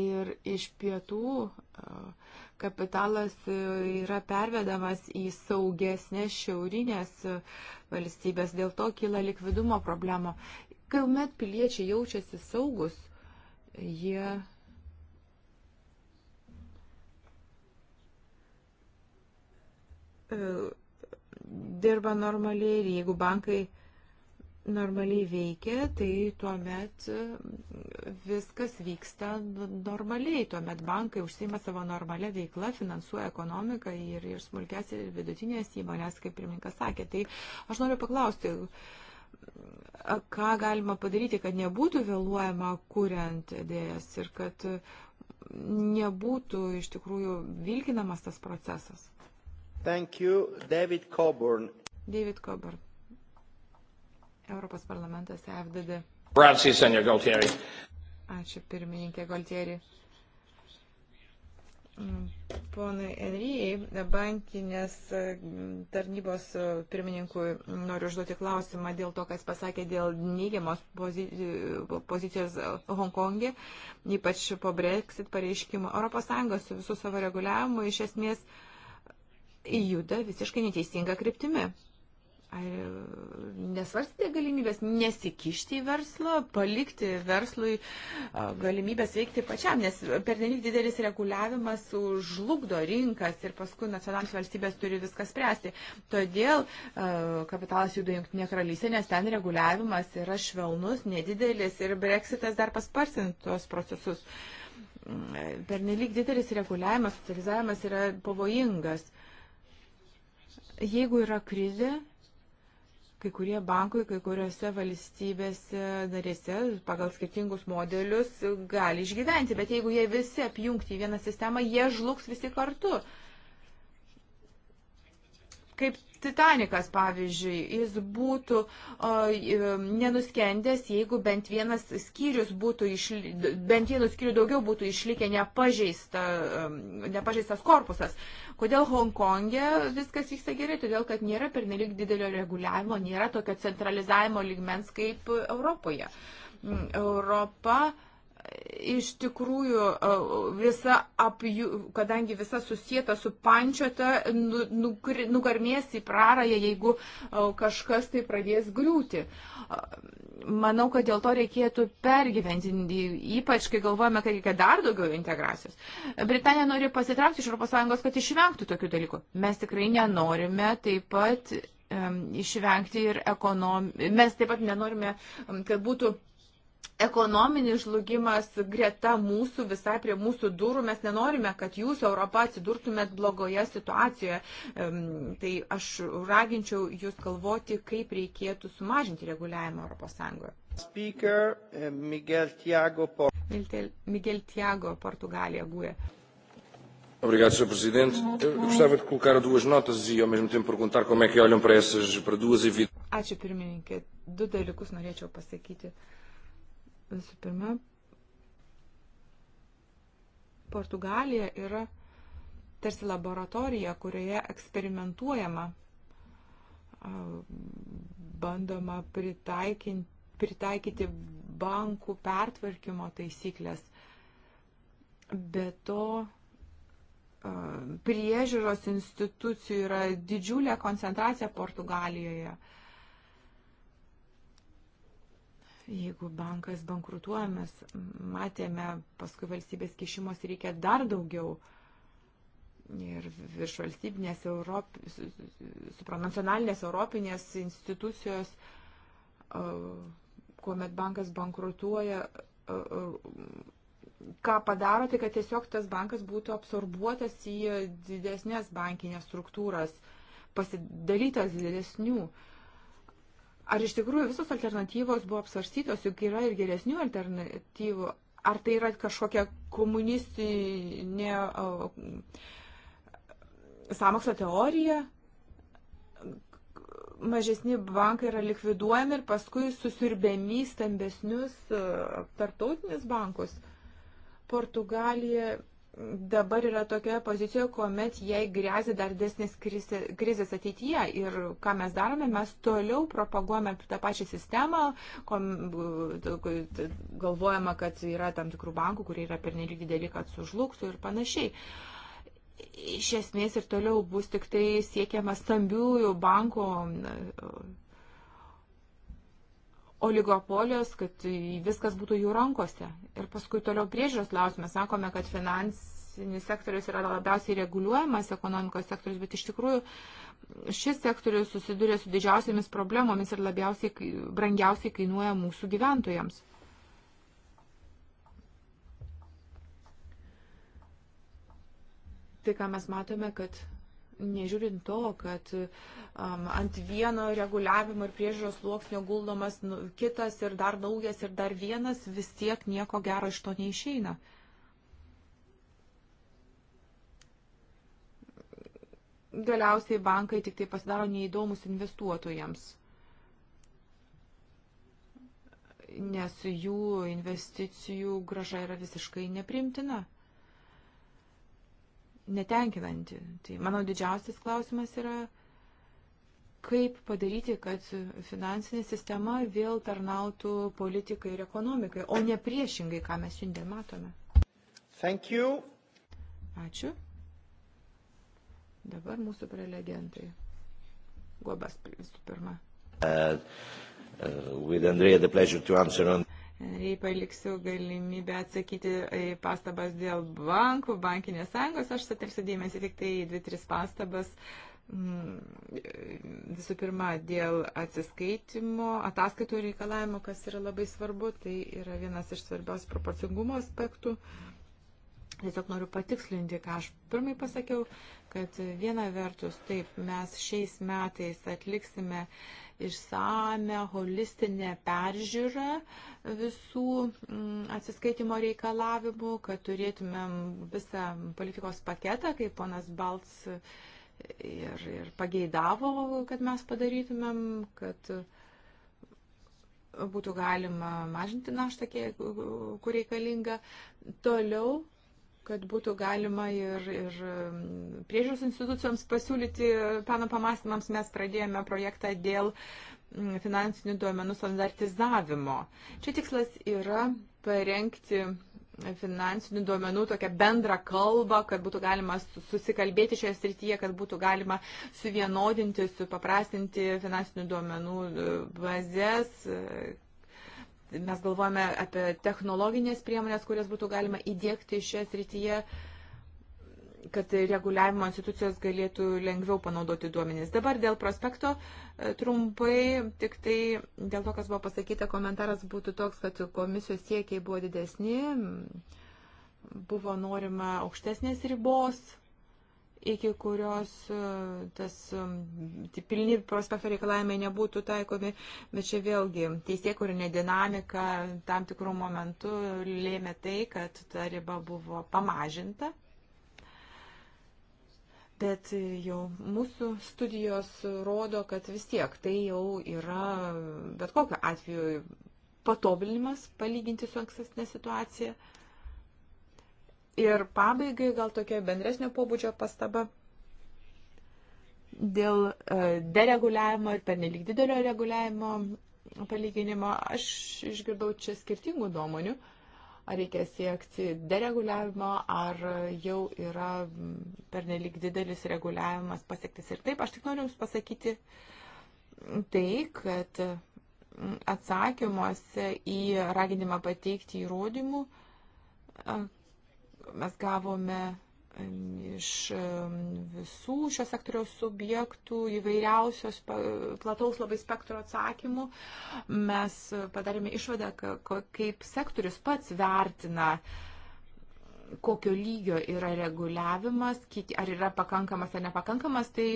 ir iš pietų kapitalas e, yra pervedamas į saugesnės šiaurinės e, valstybės, dėl to kyla likvidumo problemo. Kuomet piliečiai jaučiasi saugus, jie. E, dirba normaliai ir jeigu bankai uh, normaliai veikia, tai tuomet mm, viskas vyksta normaliai. Tuomet bankai užsima savo normalią veiklą, finansuoja ekonomiką ir, ir smulkės ir vidutinės įmonės, kaip pirmininkas sakė. Tai aš noriu paklausti, mm, ką galima padaryti, kad nebūtų vėluojama kuriant idėjas ir kad mm, nebūtų iš tikrųjų vilkinamas tas procesas. Thank you, David Coburn. David Coburn. Europos parlamentas FDD. Grazie, senor Galtieri. Ačiū, pirmininkė Galtieri. Mm, ponui Enrijai, bankinės mm, tarnybos e, pirmininkui noriu užduoti klausimą dėl to, kas pasakė dėl neigiamos e, pozicijos Hongkongi, ypač po Brexit pareiškimo. ES su visų savo reguliavimu iš esmės juda visiškai neteisinga kryptimi nesvarstėte galimybės nesikišti į verslą, palikti verslui galimybės veikti pačiam, nes pernelyg didelis reguliavimas žlugdo rinkas ir paskui nacionalinės valstybės turi viską spręsti. Todėl kapitalas juda jungtinė karalystė, nes ten reguliavimas yra švelnus, nedidelis ir breksitas dar pasparsint tuos procesus. Mm, pernelyg didelis reguliavimas, socializavimas yra pavojingas. Jeigu yra krizė, Kai kurie bankai, kai kuriuose valstybėse narėse pagal skirtingus modelius gali išgyventi, bet jeigu jie visi apjungti į vieną sistemą, jie žlugs visi kartu. Kaip Titanikas, pavyzdžiui, jis būtų o, nenuskendęs, jeigu bent vienas skyrius būtų, išli, bent vienų skyrių daugiau būtų išlikę nepažeista, nepažeistas korpusas. Kodėl Hongkonge viskas vyksta gerai? Todėl, kad nėra pernelik didelio reguliavimo, nėra tokio centralizavimo ligmens kaip Europoje. Mm, Europa iš tikrųjų e, visa apjų, kadangi visa susieta su pančiota, nu, nugarmės į prarąją, jeigu e, kažkas tai pradės griūti. E, manau, kad dėl to reikėtų pergyventi, ypač kai galvojame, kad reikia dar daugiau integracijos. Britanija nori pasitraukti iš ES, kad išvengtų tokių dalykų. Mes tikrai nenorime taip pat um, išvengti ir ekonom... Mes taip pat nenorime, kad būtų ekonominis žlugimas greta mūsų, visai prie mūsų durų. Mes nenorime, kad jūs, Europa, atsidurtumėt blogoje situacijoje. Tai aš raginčiau jūs galvoti, kaip reikėtų sumažinti reguliavimą ES. Speaker eh, Miguel Tiago, por... Miguel Tiago Portugália, GUE. Obrigado, Sr. Presidente. Eu gostava de colocar duas notas e, ao mesmo tempo, perguntar como é que olham para essas, para duas evidências. Ačiū, pirmininkė. Du dalykus norėčiau pasakyti. Uh, Visų pirma, Portugalija yra tarsi laboratorija, kurioje eksperimentuojama, bandoma pritaikyti bankų pertvarkymo taisyklės. Be to, priežiūros institucijų yra didžiulė koncentracija Portugalijoje. jeigu bankas bankrutuojamas, matėme, paskui valstybės kišimos reikia dar daugiau. Ir virš valstybinės, Europ... supranacionalinės, europinės institucijos, kuomet bankas bankrutuoja, ką padaro, tai kad tiesiog tas bankas būtų absorbuotas į didesnės bankinės struktūras, pasidalytas didesnių. Uh, Ar iš tikrųjų visos alternatyvos buvo apsvarstytos, juk yra ir geresnių alternatyvų? Ar tai yra kažkokia komunistinė samokslo teorija? Mažesni bankai yra likviduojami ir paskui susirbėmi stambesnius e, tartautinius bankus. Portugalija dabar yra tokia pozicija, kuomet jai grėsia dar desnės krizės ateityje. Ir ką mes darome, mes toliau propaguojame tą pačią sistemą, kom, galvojama, kad yra tam tikrų bankų, kurie yra pernelyg dideli, kad sužlugtų ir panašiai. Iš esmės ir toliau bus tik tai siekiama stambiųjų bankų oligopolijos, kad viskas būtų jų rankose. Ir paskui toliau priežiūros klausimas. Sakome, kad finansinis sektorius yra labiausiai reguliuojamas ekonomikos sektorius, bet iš tikrųjų šis sektorius susiduria su didžiausiamis problemomis ir labiausiai brangiausiai kainuoja mūsų gyventojams. Tai ką mes matome, kad Nežiūrint to, kad um, ant vieno reguliavimo ir priežiūros sluoksnio guldomas nu, kitas ir dar naujas ir dar vienas, vis tiek nieko gero iš to neišeina. Galiausiai bankai tik tai pasidaro neįdomus investuotojams, nes jų investicijų graža yra visiškai neprimtina netenkinanti. Tai mano didžiausias klausimas yra, kaip padaryti, kad finansinė sistema vėl tarnautų politikai ir ekonomikai, o ne priešingai, ką mes šiandien matome. Thank you. Ačiū. Dabar mūsų prelegentai. Gobas visų pirma. Uh, uh, with Andrea, the pleasure to answer on. Rei paliksiu galimybę atsakyti į pastabas dėl bankų, bankinės sąjungos. Aš sutelksiu dėmesį tik tai į dvi, tris pastabas. Mm, visų pirma, dėl atsiskaitimo, ataskaitų reikalavimo, kas yra labai svarbu, tai yra vienas iš svarbios proporcingumo aspektų. Tiesiog noriu patikslinti, ką aš pirmai pasakiau, kad viena vertus, taip, mes šiais metais atliksime uh, išsame, holistinę peržiūrą visų mm, atsiskaitimo reikalavimų, kad turėtumėm visą politikos paketą, kaip ponas Balts ir, ir pageidavo, kad mes padarytumėm, kad būtų galima mažinti naštą, kur reikalinga. Toliau kad būtų galima ir, ir um, priežiūros institucijoms pasiūlyti peno pamastymams, mes pradėjome projektą dėl mm, finansinių duomenų standartizavimo. Čia tikslas yra parengti finansinių duomenų tokią bendrą kalbą, kad būtų galima susikalbėti šioje srityje, kad būtų galima suvienodinti, supaprastinti finansinių duomenų e, bazės, Mes galvojame apie technologinės priemonės, kurias būtų galima įdėkti šioje srityje kad reguliavimo institucijos galėtų lengviau panaudoti duomenys. Dabar dėl prospekto e, trumpai, tik tai dėl to, kas buvo pasakyta, komentaras būtų toks, kad komisijos siekiai buvo didesni, buvo norima aukštesnės ribos iki kurios e, tas pilni prospekto reikalavimai nebūtų taikomi, bet čia vėlgi teisėkurinė dinamika tam tikrų momentų lėmė tai, kad ta riba buvo pamažinta. Bet jau mūsų studijos rodo, kad vis tiek tai jau yra bet kokiu atveju patobulinimas palyginti su ankstesnė situacija. Ir pabaigai gal tokia bendresnio pobūdžio pastaba dėl e, dereguliavimo ir pernelik didelio reguliavimo palyginimo. Aš išgirdau čia skirtingų nuomonių, ar reikia siekti dereguliavimo, ar jau yra pernelik didelis reguliavimas pasiektas. Ir taip, aš tik noriu Jums pasakyti tai, kad atsakymuose į raginimą pateikti įrodymų mes gavome iš visų šio sektoriaus subjektų įvairiausios plataus labai spektro atsakymų. Mes e, padarėme išvadą, kaip sektorius pats vertina uh, kokio lygio yra reguliavimas, ar yra pakankamas ar nepakankamas, tai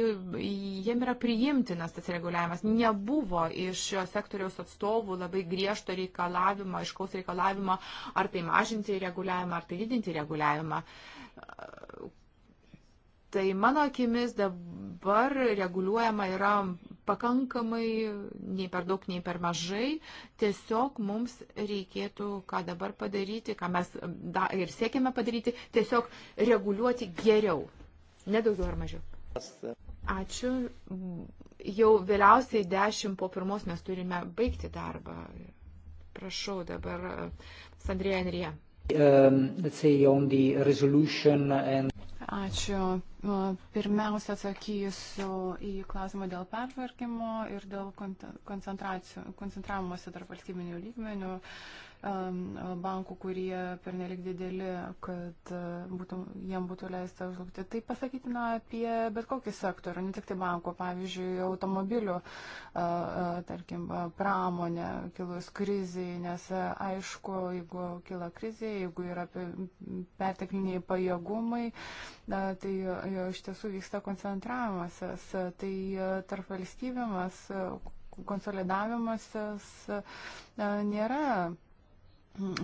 jiem yra priimtinas tas reguliavimas. Nebuvo iš šio sektoriaus atstovų labai griežto reikalavimo, iškaus reikalavimo, ar tai mažinti reguliavimą, ar tai didinti reguliavimą. Tai mano akimis dabar reguliuojama yra pakankamai, nei per daug, nei per mažai. Tiesiog mums reikėtų, ką dabar padaryti, ką mes da, ir siekiame padaryti, tiesiog reguliuoti geriau. Nedaugiau ar mažiau. Ačiū. Jau vėliausiai dešimt po pirmos mes turime baigti darbą. Prašau dabar Sandrija Enrija. Um, and... Ačiū. Pirmiausia, atsakysiu į klausimą dėl pertvarkymo ir dėl koncentravimuose tarp valstybinių lygmenių. Uh, Um, bankų, kurie pernelik dideli, kad uh, būtų, jiem būtų leista žlugti. Tai pasakytina apie bet kokį sektorių, ne tik tai bankų, pavyzdžiui, automobilių, uh, uh, tarkim, pramonę, kilus kriziai, nes aišku, jeigu kila krizė, jeigu yra pertekliniai pajėgumai, tai iš tiesų vyksta koncentravimasis, tai tarp valstybėmas konsolidavimasis nėra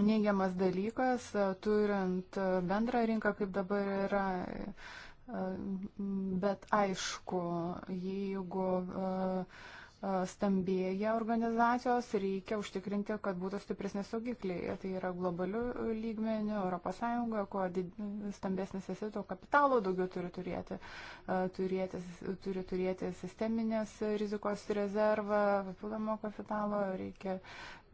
neigiamas dalykas, e, turint e, bendrą rinką, kaip dabar yra. E, bet aišku, jeigu stambėja organizacijos, reikia užtikrinti, kad būtų stipresnė saugikliai. Tai yra globalių lygmenių, ES, kuo stambesnis esi, to kapitalo daugiau turi turėti. turėti turi turėti sisteminės rizikos rezervą, papildomo kapitalo, reikia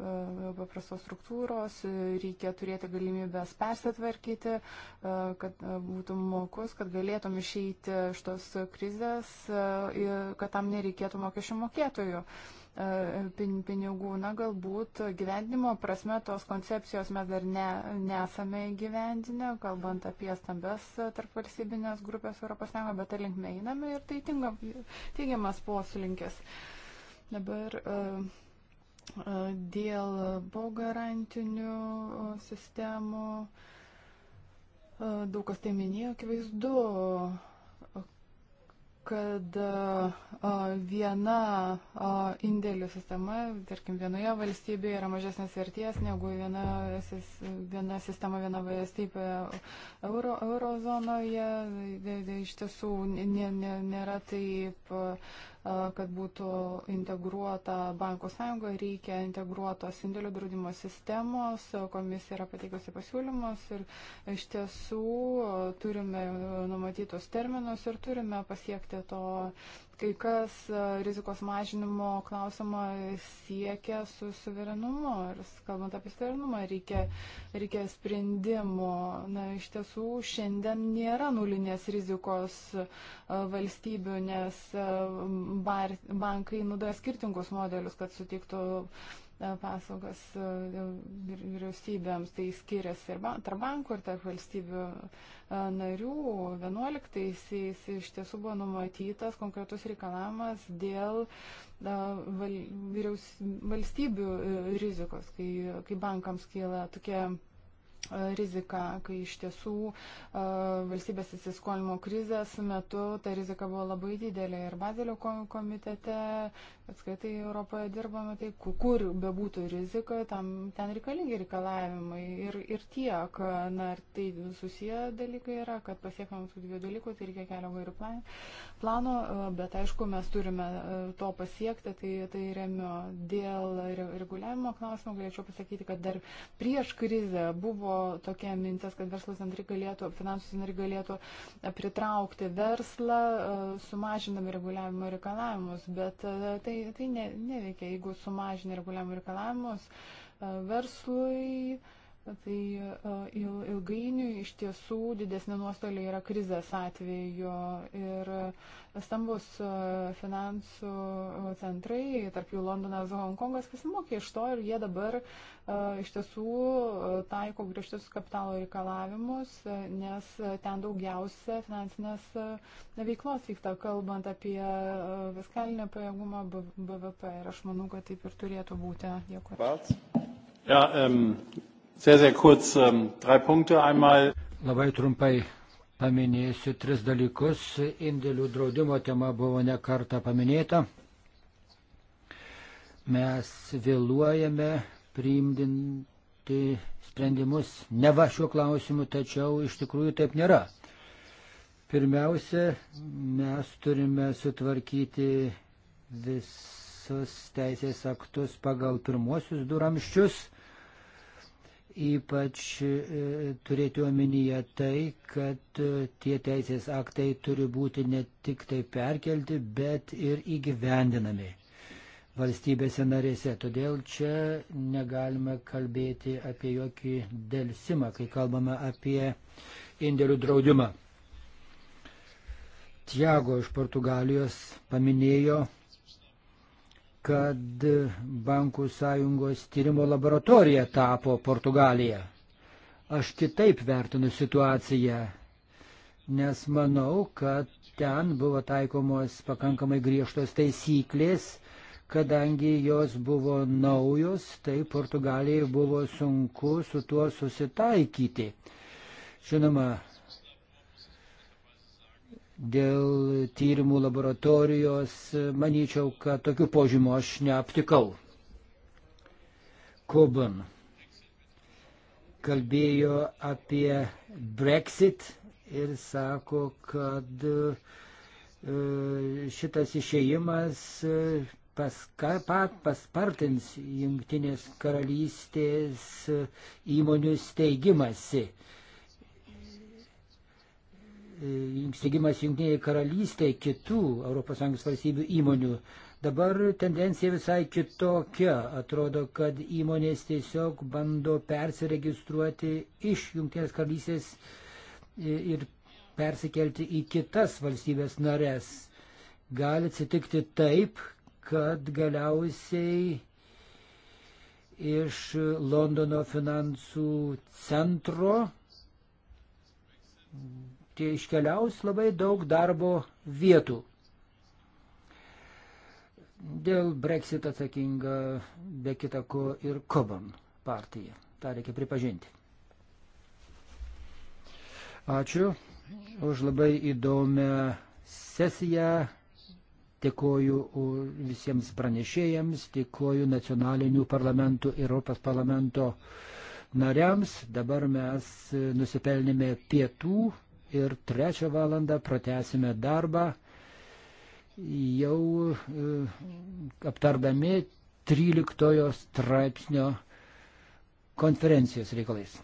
E, paprastos struktūros, reikia turėti galimybės persitvarkyti, e, kad e, būtum mokus, kad galėtum išeiti iš tos krizės ir kad tam nereikėtų mokesčių mokėtojų pinigų. Na, galbūt gyvendimo prasme tos koncepcijos mes dar ne, nesame įgyvendinę, kalbant apie stambes tarpvalstybinės grupės Europos Sąjungoje, bet tą linkme einame ir tai tinga, teigiamas poslinkis. Dabar uh, E, dėl bogarantinių e, sistemų. E, daug kas tai minėjo, akivaizdu, kad viena indėlių sistema, tarkim, vienoje valstybėje yra mažesnės verties negu viena, viena sistema vienoje valstybėje euro, eurozonoje. Iš tiesų nė, nė, nėra taip kad būtų integruota bankų sąjunga, reikia integruotos indėlių draudimo sistemos, komisija yra pateikusi pasiūlymus ir iš tiesų turime numatytus terminus ir turime pasiekti to kai kas e, rizikos mažinimo klausimą siekia su suverenumu. Ir kalbant apie suverenumą, reikia, reikia sprendimo. Na, iš tiesų, šiandien nėra nulinės rizikos e, valstybių, nes e, bar, bankai nudoja skirtingus modelius, kad sutiktų E, paslaugas e, vyriausybėms. Tai skiriasi ir tarp bankų, ir tarp valstybių e, narių. 11-aisiais iš tiesų buvo numatytas konkretus reikalavimas dėl val, vyriaus, valstybių rizikos, kai, kai bankams kyla tokia rizika, kai iš tiesų valstybės įsiskolimo krizės metu ta rizika buvo labai didelė ir Bazelio komitete apskaitai Europoje dirbame, tai kur bebūtų rizika, tam ten reikalingi reikalavimai ir, ir tiek. Na, ir tai susiję dalykai yra, kad pasiekam tų dviejų dalykų, tai reikia kelio gairių plano, e, bet aišku, mes turime e, to pasiekti, tai, tai remiu dėl reguliavimo klausimų, galėčiau pasakyti, kad dar prieš krizę buvo tokia mintis, kad verslas centrai galėtų, finansų centrai galėtų e, pritraukti verslą, sumažindami reguliavimo reikalavimus, bet tai tai, tai ne, neveikia, jeigu sumažini reguliavimo reikalavimus e, verslui, uh, Tai e, ilgainiui iš tiesų didesnė nuostoliai yra krizės atveju ir stambus e, finansų e, centrai, tarp jų Londonas, Hongkongas pasimokė iš to ir jie dabar iš tiesų taiko griežtus kapitalo reikalavimus, nes ten daugiausia finansinės veiklos vyksta, kalbant apie fiskalinę pajėgumą BVP ir aš manau, kad taip ir turėtų būti. Dėkui. Ja, um... Sehr, sehr kurz, um, drei Punkte einmal. Labai trumpai paminėsiu tris dalykus. Indėlių draudimo tema buvo nekarta paminėta. Mes vėluojame priimdinti sprendimus neva šiuo klausimu, tačiau iš tikrųjų taip nėra. Pirmiausia, mes turime sutvarkyti visus teisės aktus pagal pirmosius du ramščius Ypač e, turėti omenyje tai, kad e, tie teisės aktai turi būti ne tik tai perkelti, bet ir įgyvendinami valstybėse narėse. Todėl čia negalime kalbėti apie jokį dėlsimą, kai kalbame apie indėlių draudimą. Tiago iš Portugalijos paminėjo kad Bankų sąjungos tyrimo laboratorija tapo Portugalija. Aš kitaip vertinu situaciją, nes manau, kad ten buvo taikomos pakankamai griežtos taisyklės, kadangi jos buvo naujos, tai Portugalijai buvo sunku su tuo susitaikyti. Žinoma, Dėl tyrimų laboratorijos manyčiau, kad tokių požymų aš neaptikau. Coburn kalbėjo apie Brexit ir sako, kad e, šitas išėjimas e, paska, pat paspartins jungtinės karalystės e, įmonių steigimasi įsigimas Junktinėje karalystėje kitų ES valstybių įmonių. Dabar tendencija visai kitokia. Atrodo, kad įmonės tiesiog bando persiregistruoti iš Junktinės karalystės e, ir persikelti į kitas valstybės narės. Gali atsitikti taip, kad galiausiai iš Londono finansų centro iškeliaus labai daug darbo vietų. Dėl Brexit atsakinga be kitako ir Coburn partija. Ta reikia pripažinti. Ačiū už labai įdomią sesiją. Dėkoju visiems pranešėjams, dėkoju nacionalinių parlamentų ir Europos parlamento nariams. Dabar mes nusipelnėme pietų ir trečią valandą pratesime darbą jau e, aptardami 13 straipsnio konferencijos reikalais.